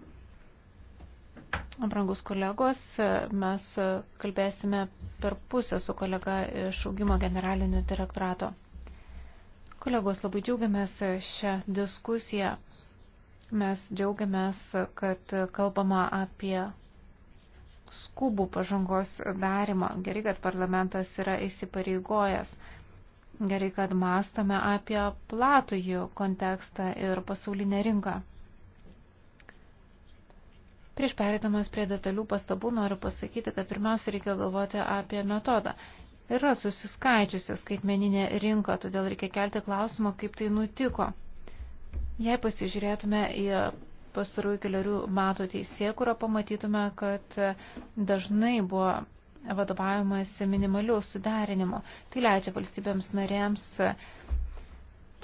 Brangus kolegos, mes kalbėsime per pusę su kolega iš augimo generalinio direktorato. Kolegos, labai džiaugiamės šią diskusiją. Mes džiaugiamės, kad kalbama apie skubų pažangos darimą. Gerai, kad parlamentas yra įsipareigojęs. Gerai, kad mastome apie platųjų kontekstą ir pasaulinę rinką. Prieš perėdamas prie detalių pastabų noriu pasakyti, kad pirmiausia reikia galvoti apie metodą. Yra susiskaičiusi skaitmeninė rinka, todėl reikia kelti klausimą, kaip tai nutiko. Jei pasižiūrėtume į pastarųjų keliarių metų teisė, kurio pamatytume, kad dažnai buvo vadovavimas minimalių suderinimo. Tai leidžia valstybėms narėms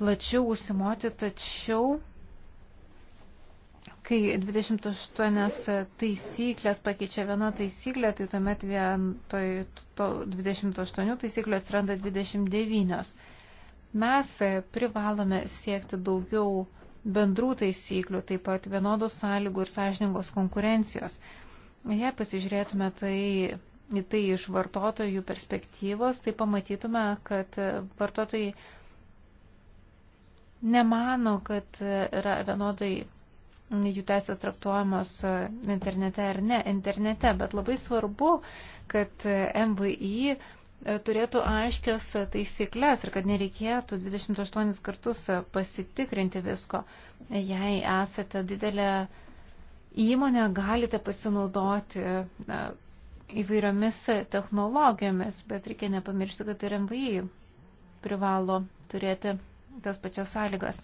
plačiau užsimoti, tačiau kai 28 taisyklės pakeičia viena taisyklė, tai tuomet vietoj to 28 taisyklių atsiranda 29. Mes privalome siekti daugiau bendrų taisyklių, taip pat vienodų sąlygų ir sąžiningos konkurencijos. Jei pasižiūrėtume tai, į tai iš vartotojų perspektyvos, tai pamatytume, kad vartotojai nemano, kad yra vienodai jų teisės traktuojamos e, internete ar ne internete, bet labai svarbu, kad e, MVI e, turėtų aiškias taisyklės ir kad nereikėtų 28 kartus pasitikrinti visko. Jei esate didelė įmonė, galite pasinaudoti įvairiomis technologijomis, bet reikia nepamiršti, kad ir MVI privalo turėti tas pačias sąlygas.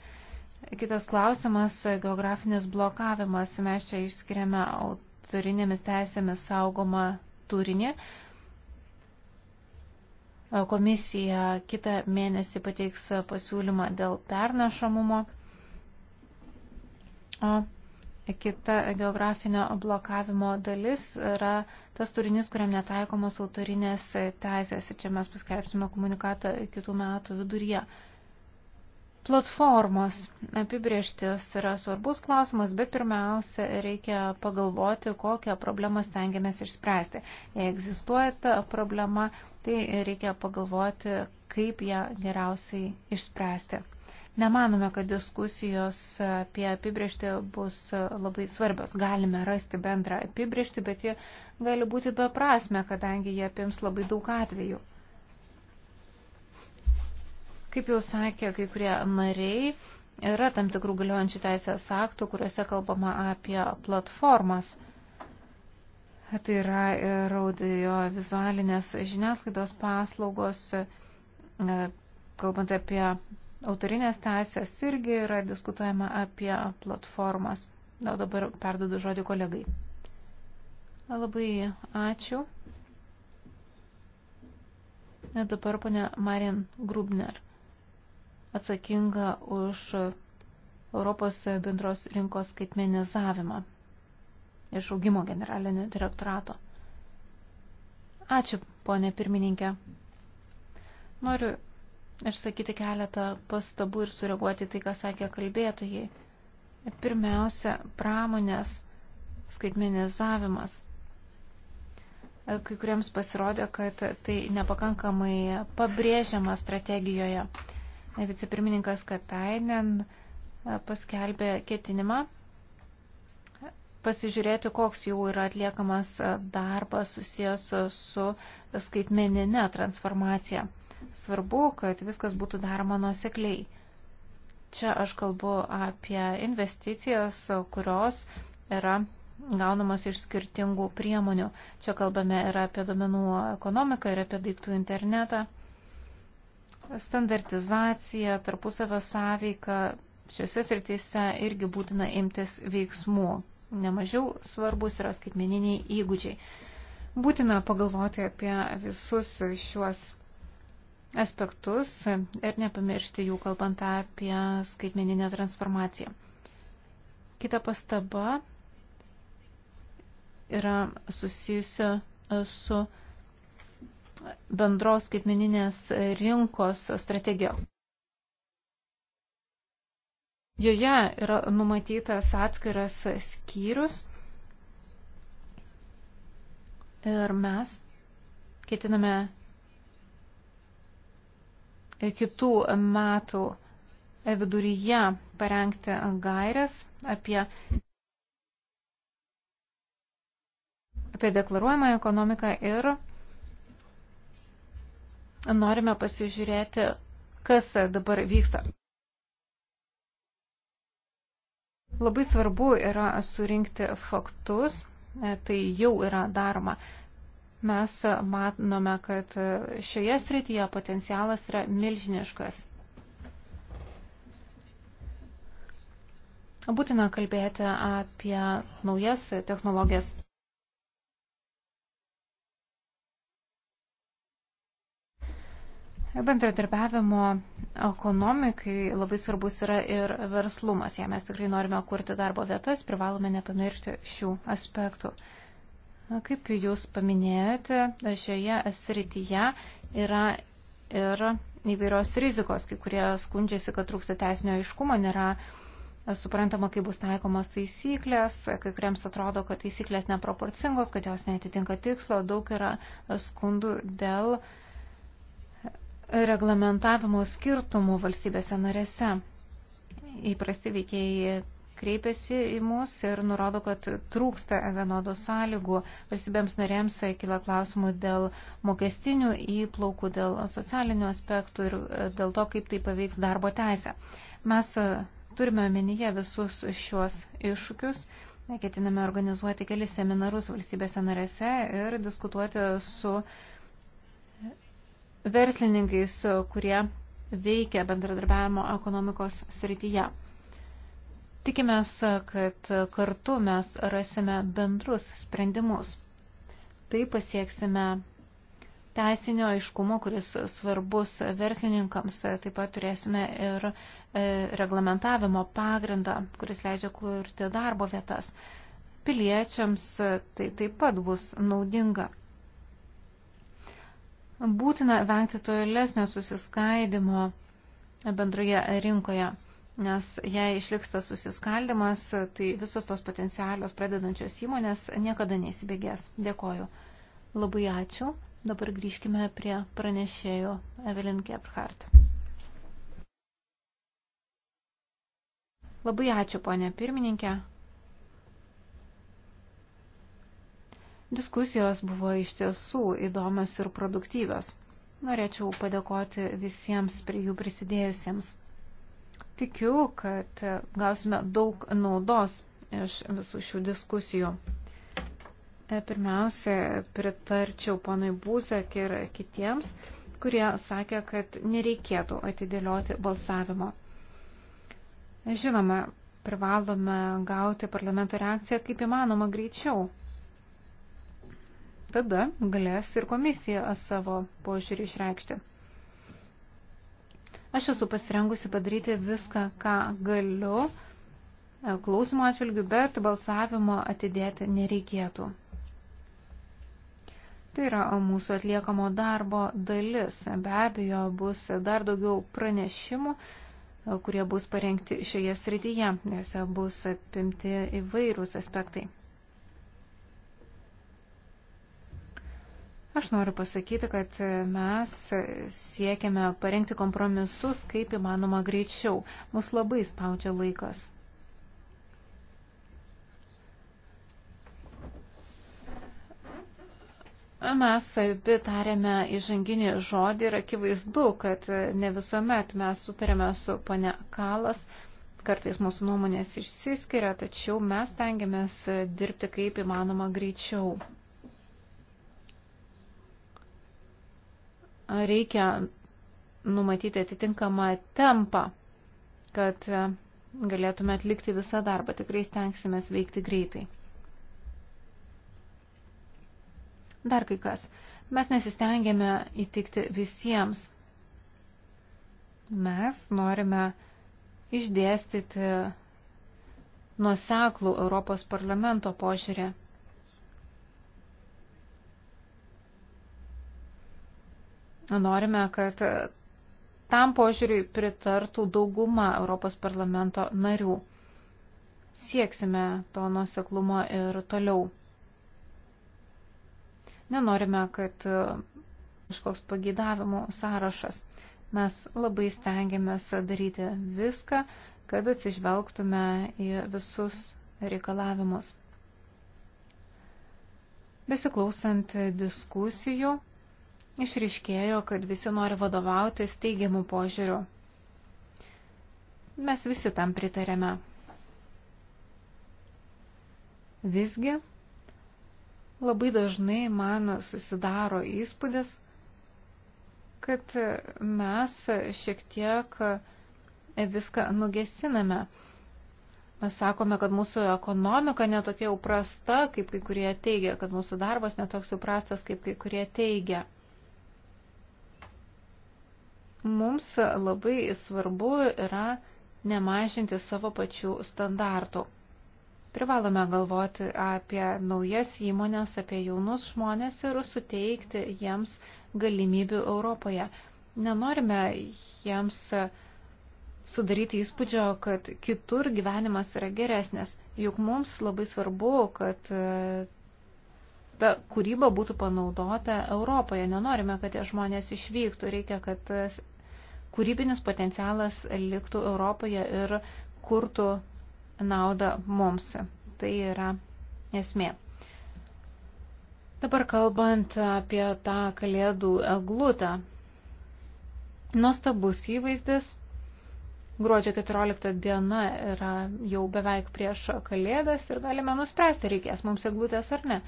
Kitas klausimas - geografinis blokavimas. Mes čia išskiriame autorinėmis teisėmis saugomą turinį. Komisija kitą mėnesį pateiks pasiūlymą dėl pernašamumo. O kita geografinio blokavimo dalis yra tas turinys, kuriam netaikomos autorinės teisės. Ir čia mes paskelbsime komunikatą kitų metų viduryje. Platformos apibrieštis yra svarbus klausimas, bet pirmiausia reikia pagalvoti, kokią problemą stengiamės išspręsti. Jei egzistuoja ta problema, tai reikia pagalvoti, kaip ją geriausiai išspręsti. Nemanome, kad diskusijos apie apibriežtį bus labai svarbios. Galime rasti bendrą apibriežtį, bet ji gali būti beprasme, kadangi jie apims labai daug atvejų. Kaip jau sakė kai kurie nariai, yra tam tikrų galiojančių teisės aktų, kuriuose kalbama apie platformas. Tai yra ir audio vizualinės žiniasklaidos paslaugos, e, kalbant apie autorinės teisės, irgi yra diskutuojama apie platformas. Na, dabar perdodu žodį kolegai. Labai ačiū. Dabar ponė Marin Grubner atsakinga už Europos bendros rinkos skaitmenizavimą iš augimo generalinio direktorato. Ačiū, ponė pirmininkė. Noriu išsakyti keletą pastabų ir sureaguoti tai, ką sakė kalbėtojai. Pirmiausia, pramonės skaitmenizavimas. Kai kuriems pasirodė, kad tai nepakankamai pabrėžiama strategijoje vicepirmininkas Katainen e, paskelbė ketinimą pasižiūrėti, koks jau yra atliekamas e, darbas susijęs su skaitmeninė transformacija. Svarbu, kad viskas būtų daroma nuosekliai. Čia aš kalbu apie investicijas, kurios yra gaunamas iš skirtingų priemonių. Čia kalbame ir apie domenų ekonomiką, ir apie daiktų internetą standartizacija, tarpusavio sąveika, šiuose srityse irgi būtina imtis veiksmų. Nemažiau svarbus yra skaitmeniniai įgūdžiai. Būtina pagalvoti apie visus šiuos aspektus ir nepamiršti jų kalbant apie skaitmeninę transformaciją. Kita pastaba yra susijusi su bendros skaitmeninės rinkos strategija. Joje yra numatytas atskiras skyrius ir mes ketiname kitų metų viduryje parengti gairias apie apie deklaruojamą ekonomiką ir norime pasižiūrėti, kas dabar vyksta. Labai svarbu yra surinkti faktus, tai jau yra daroma. Mes matome, kad šioje srityje potencialas yra milžiniškas. Būtina kalbėti apie naujas technologijas. Bendradarbiavimo ekonomikai labai svarbus yra ir verslumas. Jei mes tikrai norime kurti darbo vietas, privalome nepamiršti šių aspektų. Kaip jūs paminėjote, šioje srityje yra ir įvairios rizikos, kai kurie skundžiasi, kad trūksta teisinio aiškumo, nėra suprantama, kaip bus taikomos taisyklės, kai kuriems atrodo, kad taisyklės neproporcingos, kad jos netitinka tikslo, daug yra skundų dėl uh, reglamentavimo skirtumų valstybėse narėse. Įprasti veikėjai kreipiasi į mus ir nurodo, kad trūksta vienodų sąlygų. Valstybėms narėms kila klausimų dėl mokestinių įplaukų, dėl socialinių aspektų ir dėl to, kaip tai paveiks darbo teisę. Mes turime omenyje visus šiuos iššūkius. Ketiname organizuoti kelis seminarus valstybėse narėse ir diskutuoti su uh, verslininkais, kurie veikia bendradarbiavimo ekonomikos srityje. Tikimės, kad kartu mes rasime bendrus sprendimus. Tai pasieksime teisinio aiškumo, kuris svarbus verslininkams. Taip pat turėsime ir e, reglamentavimo pagrindą, kuris leidžia kurti darbo vietas. Piliečiams tai taip pat bus naudinga. Būtina vengti tolesnio susiskaidimo bendroje rinkoje, nes jei išliks tas susiskaldimas, tai visos tos potencialios pradedančios įmonės niekada neįsibėgės. Dėkoju. Labai ačiū. Dabar grįžkime prie pranešėjo Evelyn Gebhardt. Labai ačiū, ponė pirmininkė. Diskusijos buvo iš tiesų įdomios ir produktyvios. Norėčiau padėkoti visiems prie jų prisidėjusiems. Tikiu, kad gausime daug naudos iš visų šių diskusijų. E, pirmiausia, pritarčiau ponui Būzek ir kitiems, kurie sakė, kad nereikėtų atidėlioti balsavimo. Žinoma, privalome gauti parlamento reakciją kaip įmanoma greičiau tada galės ir komisija savo požiūrį išreikšti. Aš esu pasirengusi padaryti viską, ką galiu e, klausimo atžvilgių, bet balsavimo atidėti nereikėtų. Tai yra mūsų atliekamo darbo dalis. Be abejo, bus dar daugiau pranešimų, e, kurie bus parengti šioje srityje, nes bus apimti įvairūs aspektai. Aš noriu pasakyti, kad mes siekiame parengti kompromisus kaip įmanoma greičiau. Mus labai spaudžia laikas. Mes abi tarėme įžanginį žodį ir akivaizdu, kad ne visuomet mes sutarėme su pane Kalas, kartais mūsų nuomonės išsiskiria, tačiau mes tengiamės dirbti kaip įmanoma greičiau. reikia numatyti atitinkamą tempą, kad galėtume atlikti visą darbą. Tikrai stengsime veikti greitai. Dar kai kas. Mes nesistengėme įtikti visiems. Mes norime išdėstyti nuoseklų Europos parlamento požiūrį Norime, kad tam požiūriui pritartų dauguma Europos parlamento narių. Sieksime to nuseklumo ir toliau. Nenorime, kad kažkoks pagydavimų sąrašas. Mes labai stengiamės daryti viską, kad atsižvelgtume į visus reikalavimus. Besiklausant diskusijų, išriškėjo, kad visi nori vadovautis teigiamų požiūrių. Mes visi tam pritarėme. Visgi, labai dažnai man susidaro įspūdis, kad mes šiek tiek viską nugesiname. Mes sakome, kad mūsų ekonomika netokia jau prasta, kaip kai kurie teigia, kad mūsų darbas netoks jau prastas, kaip kai kurie teigia. Mums labai svarbu yra nemažinti savo pačių standartų. Privalome galvoti apie naujas įmonės, apie jaunus žmonės ir suteikti jiems galimybių Europoje. Nenorime jiems sudaryti įspūdžio, kad kitur gyvenimas yra geresnis. Juk mums labai svarbu, kad e, ta kūryba būtų panaudota Europoje. Nenorime, kad tie žmonės išvyktų. Reikia, kad kūrybinis potencialas liktų Europoje ir kurtų naudą mums. Tai yra esmė. Dabar kalbant apie tą kalėdų eglutę. Nuostabus įvaizdis. Gruodžio 14 diena yra jau beveik prieš kalėdas ir galime nuspręsti, reikės mums eglutės ar ne.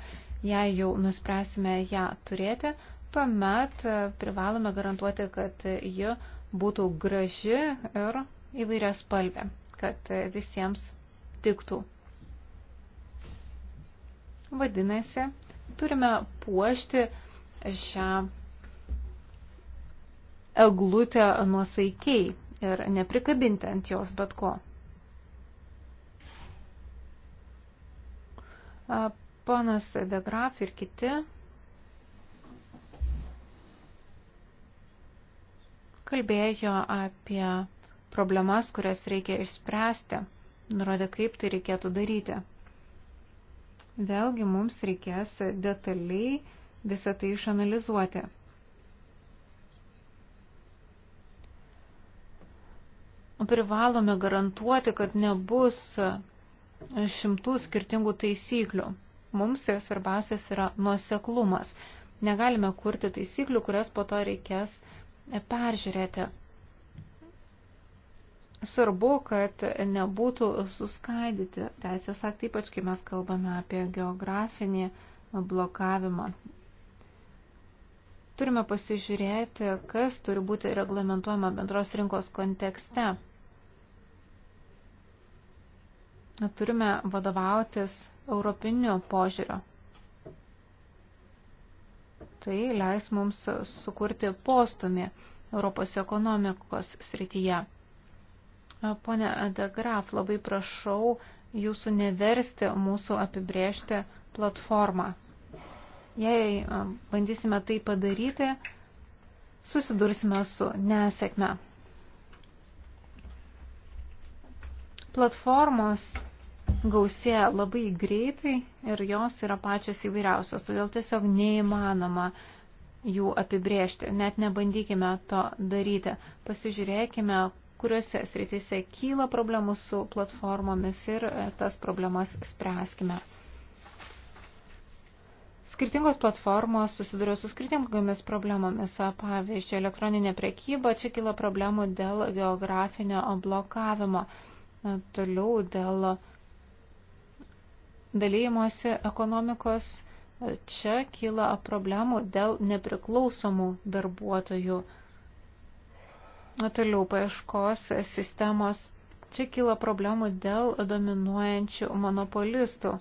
Jei jau nuspręsime ją turėti, tuomet privalome garantuoti, kad ji būtų graži ir įvairias spalvė, kad visiems tiktų. Vadinasi, turime puošti šią eglutę nuosaikiai ir neprikabinti ant jos bet ko. Panas Degraf ir kiti kalbėjo apie problemas, kurias reikia išspręsti, nurodė, kaip tai reikėtų daryti. Vėlgi mums reikės detaliai visą tai išanalizuoti. Privalome garantuoti, kad nebus šimtų skirtingų taisyklių. Mums ir svarbiausias yra nuoseklumas. Negalime kurti taisyklių, kurias po to reikės uh, peržiūrėti. Svarbu, kad nebūtų suskaidyti teisės aktai, ypač kai mes kalbame apie geografinį blokavimą. Turime pasižiūrėti, kas turi būti reglamentuojama bendros rinkos kontekste. Turime vadovautis europiniu požiūriu. Tai leis mums sukurti postumį Europos ekonomikos srityje. Pone Adegraf, labai prašau jūsų neversti mūsų apibriežti platformą. Jei e, bandysime tai padaryti, susidursime su nesėkme. Platformos gausėja labai greitai ir jos yra pačios įvairiausios, todėl tiesiog neįmanoma jų apibriežti. Net nebandykime to daryti. Pasižiūrėkime, kuriuose sritise kyla problemų su platformomis ir e, tas problemas spręskime. Skirtingos platformos susiduria su skirtingomis problemomis. Pavyzdžiui, elektroninė prekyba čia kila problemų dėl geografinio blokavimo, toliau dėl dalymosi ekonomikos čia kyla problemų dėl nepriklausomų darbuotojų. Toliau paieškos sistemos. Čia kyla problemų dėl dominuojančių monopolistų.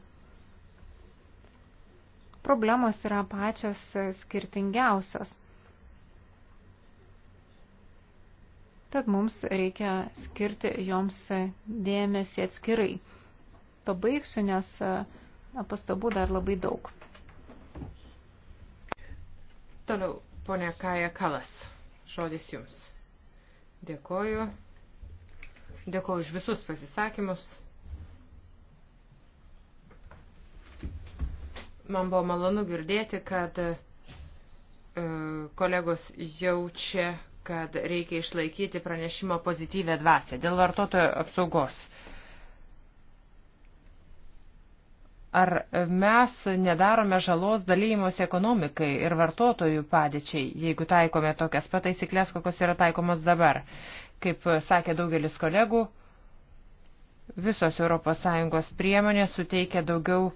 Problemos yra pačios skirtingiausios. Tad mums reikia skirti joms dėmesį atskirai pabaigsiu, nes e, pastabų dar labai daug. Toliau, ponia Kaja Kalas, žodis jums. Dėkoju. Dėkoju už visus pasisakymus. Man buvo malonu girdėti, kad e, kolegos jaučia, kad reikia išlaikyti pranešimo pozityvę dvasę dėl vartotojo apsaugos. Uh, ar mes nedarome žalos dalyjimos ekonomikai ir vartotojų padėčiai, jeigu taikome tokias pataisyklės, kokios yra taikomos dabar. Kaip sakė daugelis kolegų, visos ES priemonės suteikia daugiau e,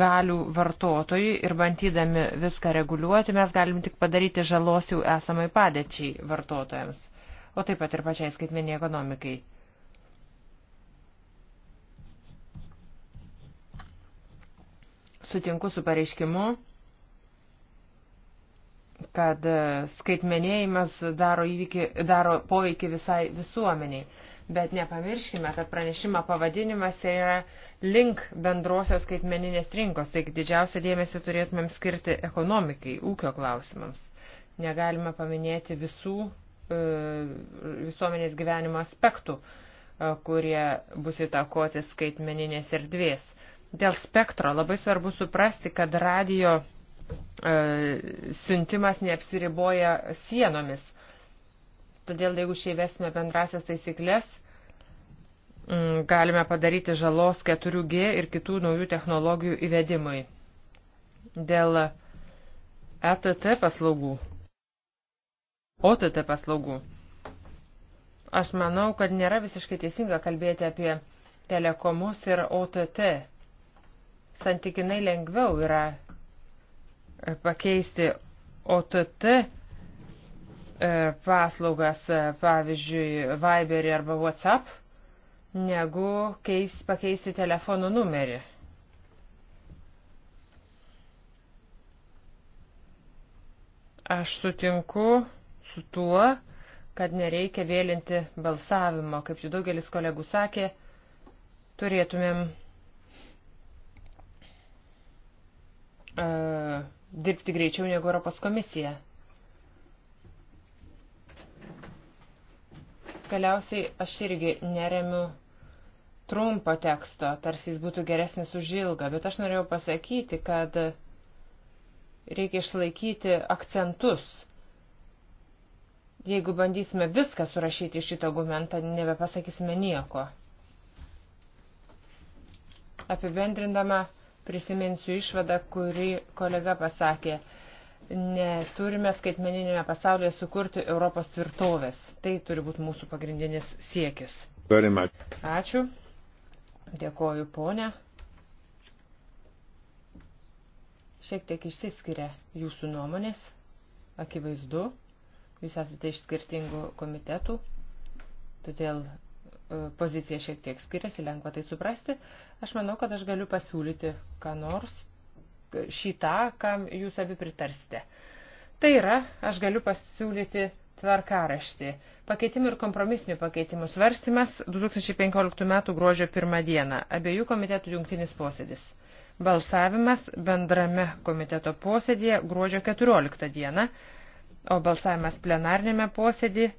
galių vartotojui ir bandydami viską reguliuoti, mes galim tik padaryti žalos jau esamai padėčiai vartotojams, o taip pat ir pačiai skaitmeniai ekonomikai. sutinku su pareiškimu, kad skaitmenėjimas daro, įvykį, daro poveikį visai visuomeniai. Bet nepamirškime, kad pranešimo pavadinimas yra link bendrosios skaitmeninės rinkos, taigi didžiausią dėmesį turėtumėm skirti ekonomikai, ūkio klausimams. Negalime paminėti visų e, visuomenės gyvenimo aspektų, e, kurie bus įtakoti skaitmeninės erdvės. Dėl spektro labai svarbu suprasti, kad radio e, siuntimas neapsiriboja sienomis. Todėl jeigu šeivesime bendrasias taisyklės, m, mm, galime padaryti žalos 4G ir kitų naujų technologijų įvedimui. Dėl ETT paslaugų. OTT paslaugų. Aš manau, kad nėra visiškai teisinga kalbėti apie telekomus ir OTT santykinai lengviau yra e, pakeisti OTT e, paslaugas, e, pavyzdžiui, Viberį arba WhatsApp, negu keis, pakeisti telefonų numerį. Aš sutinku su tuo, kad nereikia vėlinti balsavimo. Kaip jau daugelis kolegų sakė, turėtumėm uh, dirbti greičiau negu Europos komisija. Galiausiai aš irgi neremiu trumpo teksto, tarsi jis būtų geresnis už ilgą, bet aš norėjau pasakyti, kad reikia išlaikyti akcentus. Jeigu bandysime viską surašyti iš šito argumentą, nebepasakysime nieko. Apibendrindama, prisiminsiu išvadą, kurį kolega pasakė. Neturime skaitmeninėme pasaulyje sukurti Europos tvirtovės. Tai turi būti mūsų pagrindinis siekis. Ačiū. Dėkoju, ponė. Šiek tiek išsiskiria jūsų nuomonės. Akivaizdu, jūs esate iš skirtingų komitetų, todėl E, pozicija šiek tiek skiriasi, lengva tai suprasti. Aš manau, kad aš galiu pasiūlyti ką nors e, šitą, kam jūs abi pritarsite. Tai yra, aš galiu pasiūlyti tvarkaraštį. Pakeitimų ir kompromisinių pakeitimų svarstymas 2015 m. gruodžio 1 dieną. Abiejų komitetų jungtinis posėdis. Balsavimas bendrame komiteto posėdėje gruodžio 14 dieną, o balsavimas plenarnėme posėdėje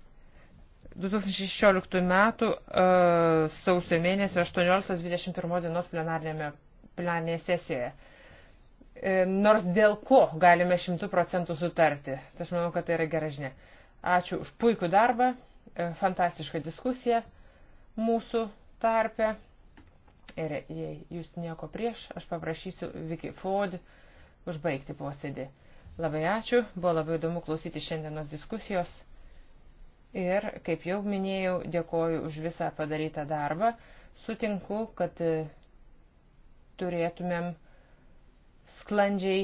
2016 metų e, sausio mėnesio 18-21 dienos plenarinėje sesijoje. E, nors dėl ko galime šimtų procentų sutarti. Tai aš manau, kad tai yra gera žinia. Ačiū už puikų darbą, e, fantastišką diskusiją mūsų tarpe. Ir jei jūs nieko prieš, aš paprašysiu Vicky Ford užbaigti posėdį. Labai ačiū, buvo labai įdomu klausyti šiandienos diskusijos. Ir, kaip jau minėjau, dėkoju už visą padarytą darbą. Sutinku, kad e, turėtumėm sklandžiai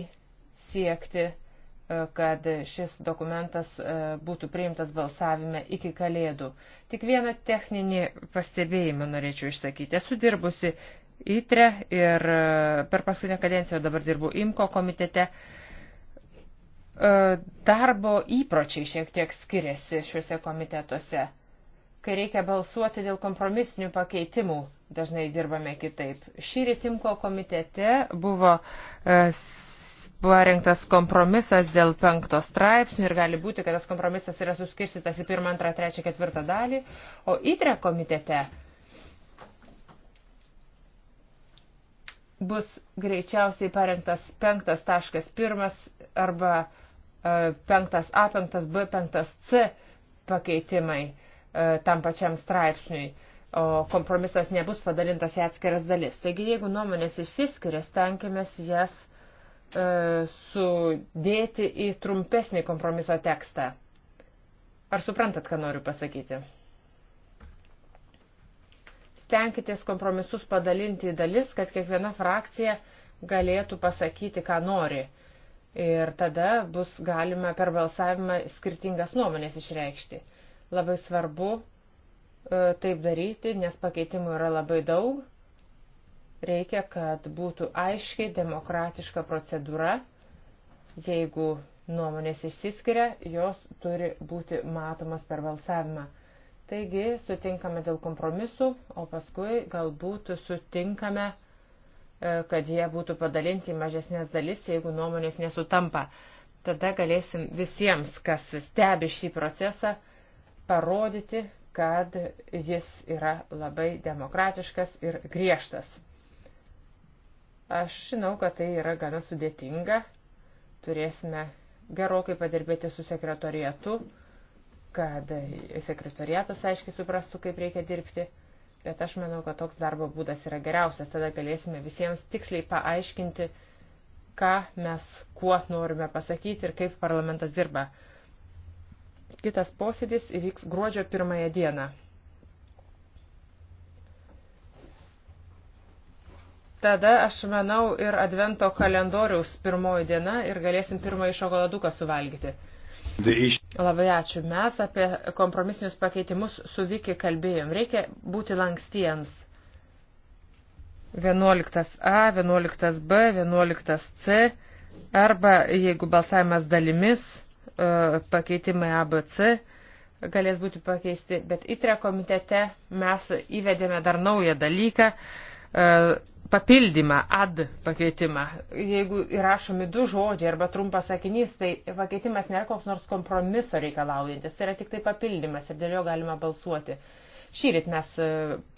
siekti, e, kad šis dokumentas e, būtų priimtas balsavime iki kalėdų. Tik vieną techninį pastebėjimą norėčiau išsakyti. Esu dirbusi ITRE ir per paskutinę kadenciją dabar dirbu IMKO komitete. E, darbo įpročiai šiek tiek skiriasi šiuose komitetuose. Kai reikia balsuoti dėl kompromisinių pakeitimų, dažnai dirbame kitaip. Šį rytimko komitete buvo parengtas e, kompromisas dėl penkto straipsnių ir gali būti, kad tas kompromisas yra suskirstytas į pirmą, antrą, trečią, ketvirtą dalį, o įtre komitete bus greičiausiai parengtas penktas taškas pirmas arba 5A, 5B, 5C pakeitimai tam pačiam straipsniui, o kompromisas nebus padalintas į atskiras dalis. Taigi, jeigu nuomonės išsiskiria, stenkimės jas e, sudėti į trumpesnį kompromiso tekstą. Ar suprantat, ką noriu pasakyti? Stenkitės kompromisus padalinti į dalis, kad kiekviena frakcija galėtų pasakyti, ką nori. E, ir tada bus galima per balsavimą skirtingas nuomonės išreikšti. Labai svarbu e, taip daryti, nes pakeitimų yra labai daug. Reikia, kad būtų aiški demokratiška procedūra. Jeigu nuomonės išsiskiria, jos turi būti matomas per balsavimą. Taigi sutinkame dėl kompromisų, o paskui galbūt sutinkame E, kad jie būtų padalinti į mažesnės dalis, jeigu nuomonės nesutampa. Tada galėsim visiems, kas stebi šį procesą, parodyti, kad jis yra labai demokratiškas ir griežtas. Aš žinau, kad tai yra gana sudėtinga. Turėsime gerokai padirbėti su sekretorietu, kad sekretoriatas aiškiai suprastų, kaip reikia dirbti Bet aš manau, kad toks darbo būdas yra geriausias. Tada galėsime visiems tiksliai paaiškinti, ką mes kuo norime pasakyti ir kaip parlamentas dirba. Kitas posėdis įvyks gruodžio pirmąją dieną. Tada, aš manau, ir advento kalendoriaus pirmoji diena ir galėsim pirmąjį šokoladuką suvalgyti. Labai ačiū. Mes apie kompromisinius pakeitimus su Viki kalbėjom. Reikia būti lankstiems. 11a, 11b, 11c arba jeigu balsavimas dalimis, e, pakeitimai ABC galės būti pakeisti, bet ITRE komitete mes įvedėme dar naują dalyką e, papildymą, ad pakeitimą. Jeigu įrašomi du žodžiai arba trumpas sakinys, tai pakeitimas nėra koks nors kompromiso reikalaujantis, tai yra tik tai papildymas ir dėl jo galima balsuoti. Šyrit mes e,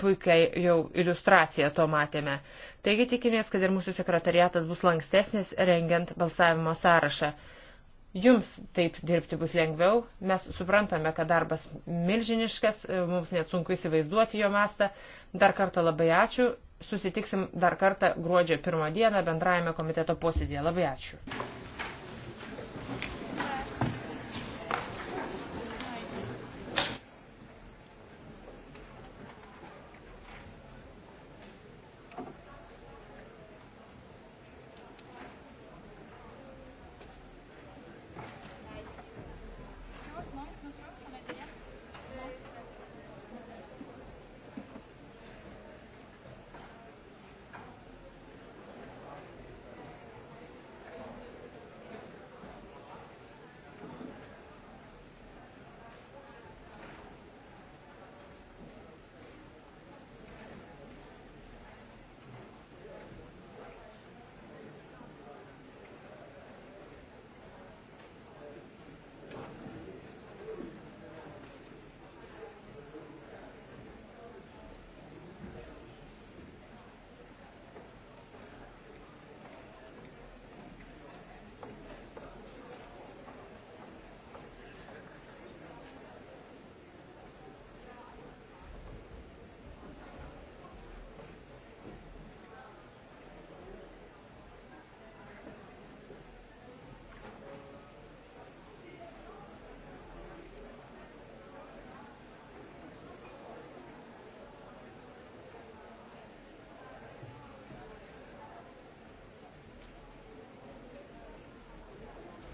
puikiai jau iliustraciją to matėme. Taigi tikimės, kad ir mūsų sekretariatas bus lankstesnis rengiant balsavimo sąrašą. Jums taip dirbti bus lengviau, mes suprantame, kad darbas milžiniškas, e, mums net sunku įsivaizduoti jo mastą. Dar kartą labai ačiū susitiksim dar kartą gruodžio pirmą dieną bendrajame komiteto posėdėje. Labai ačiū.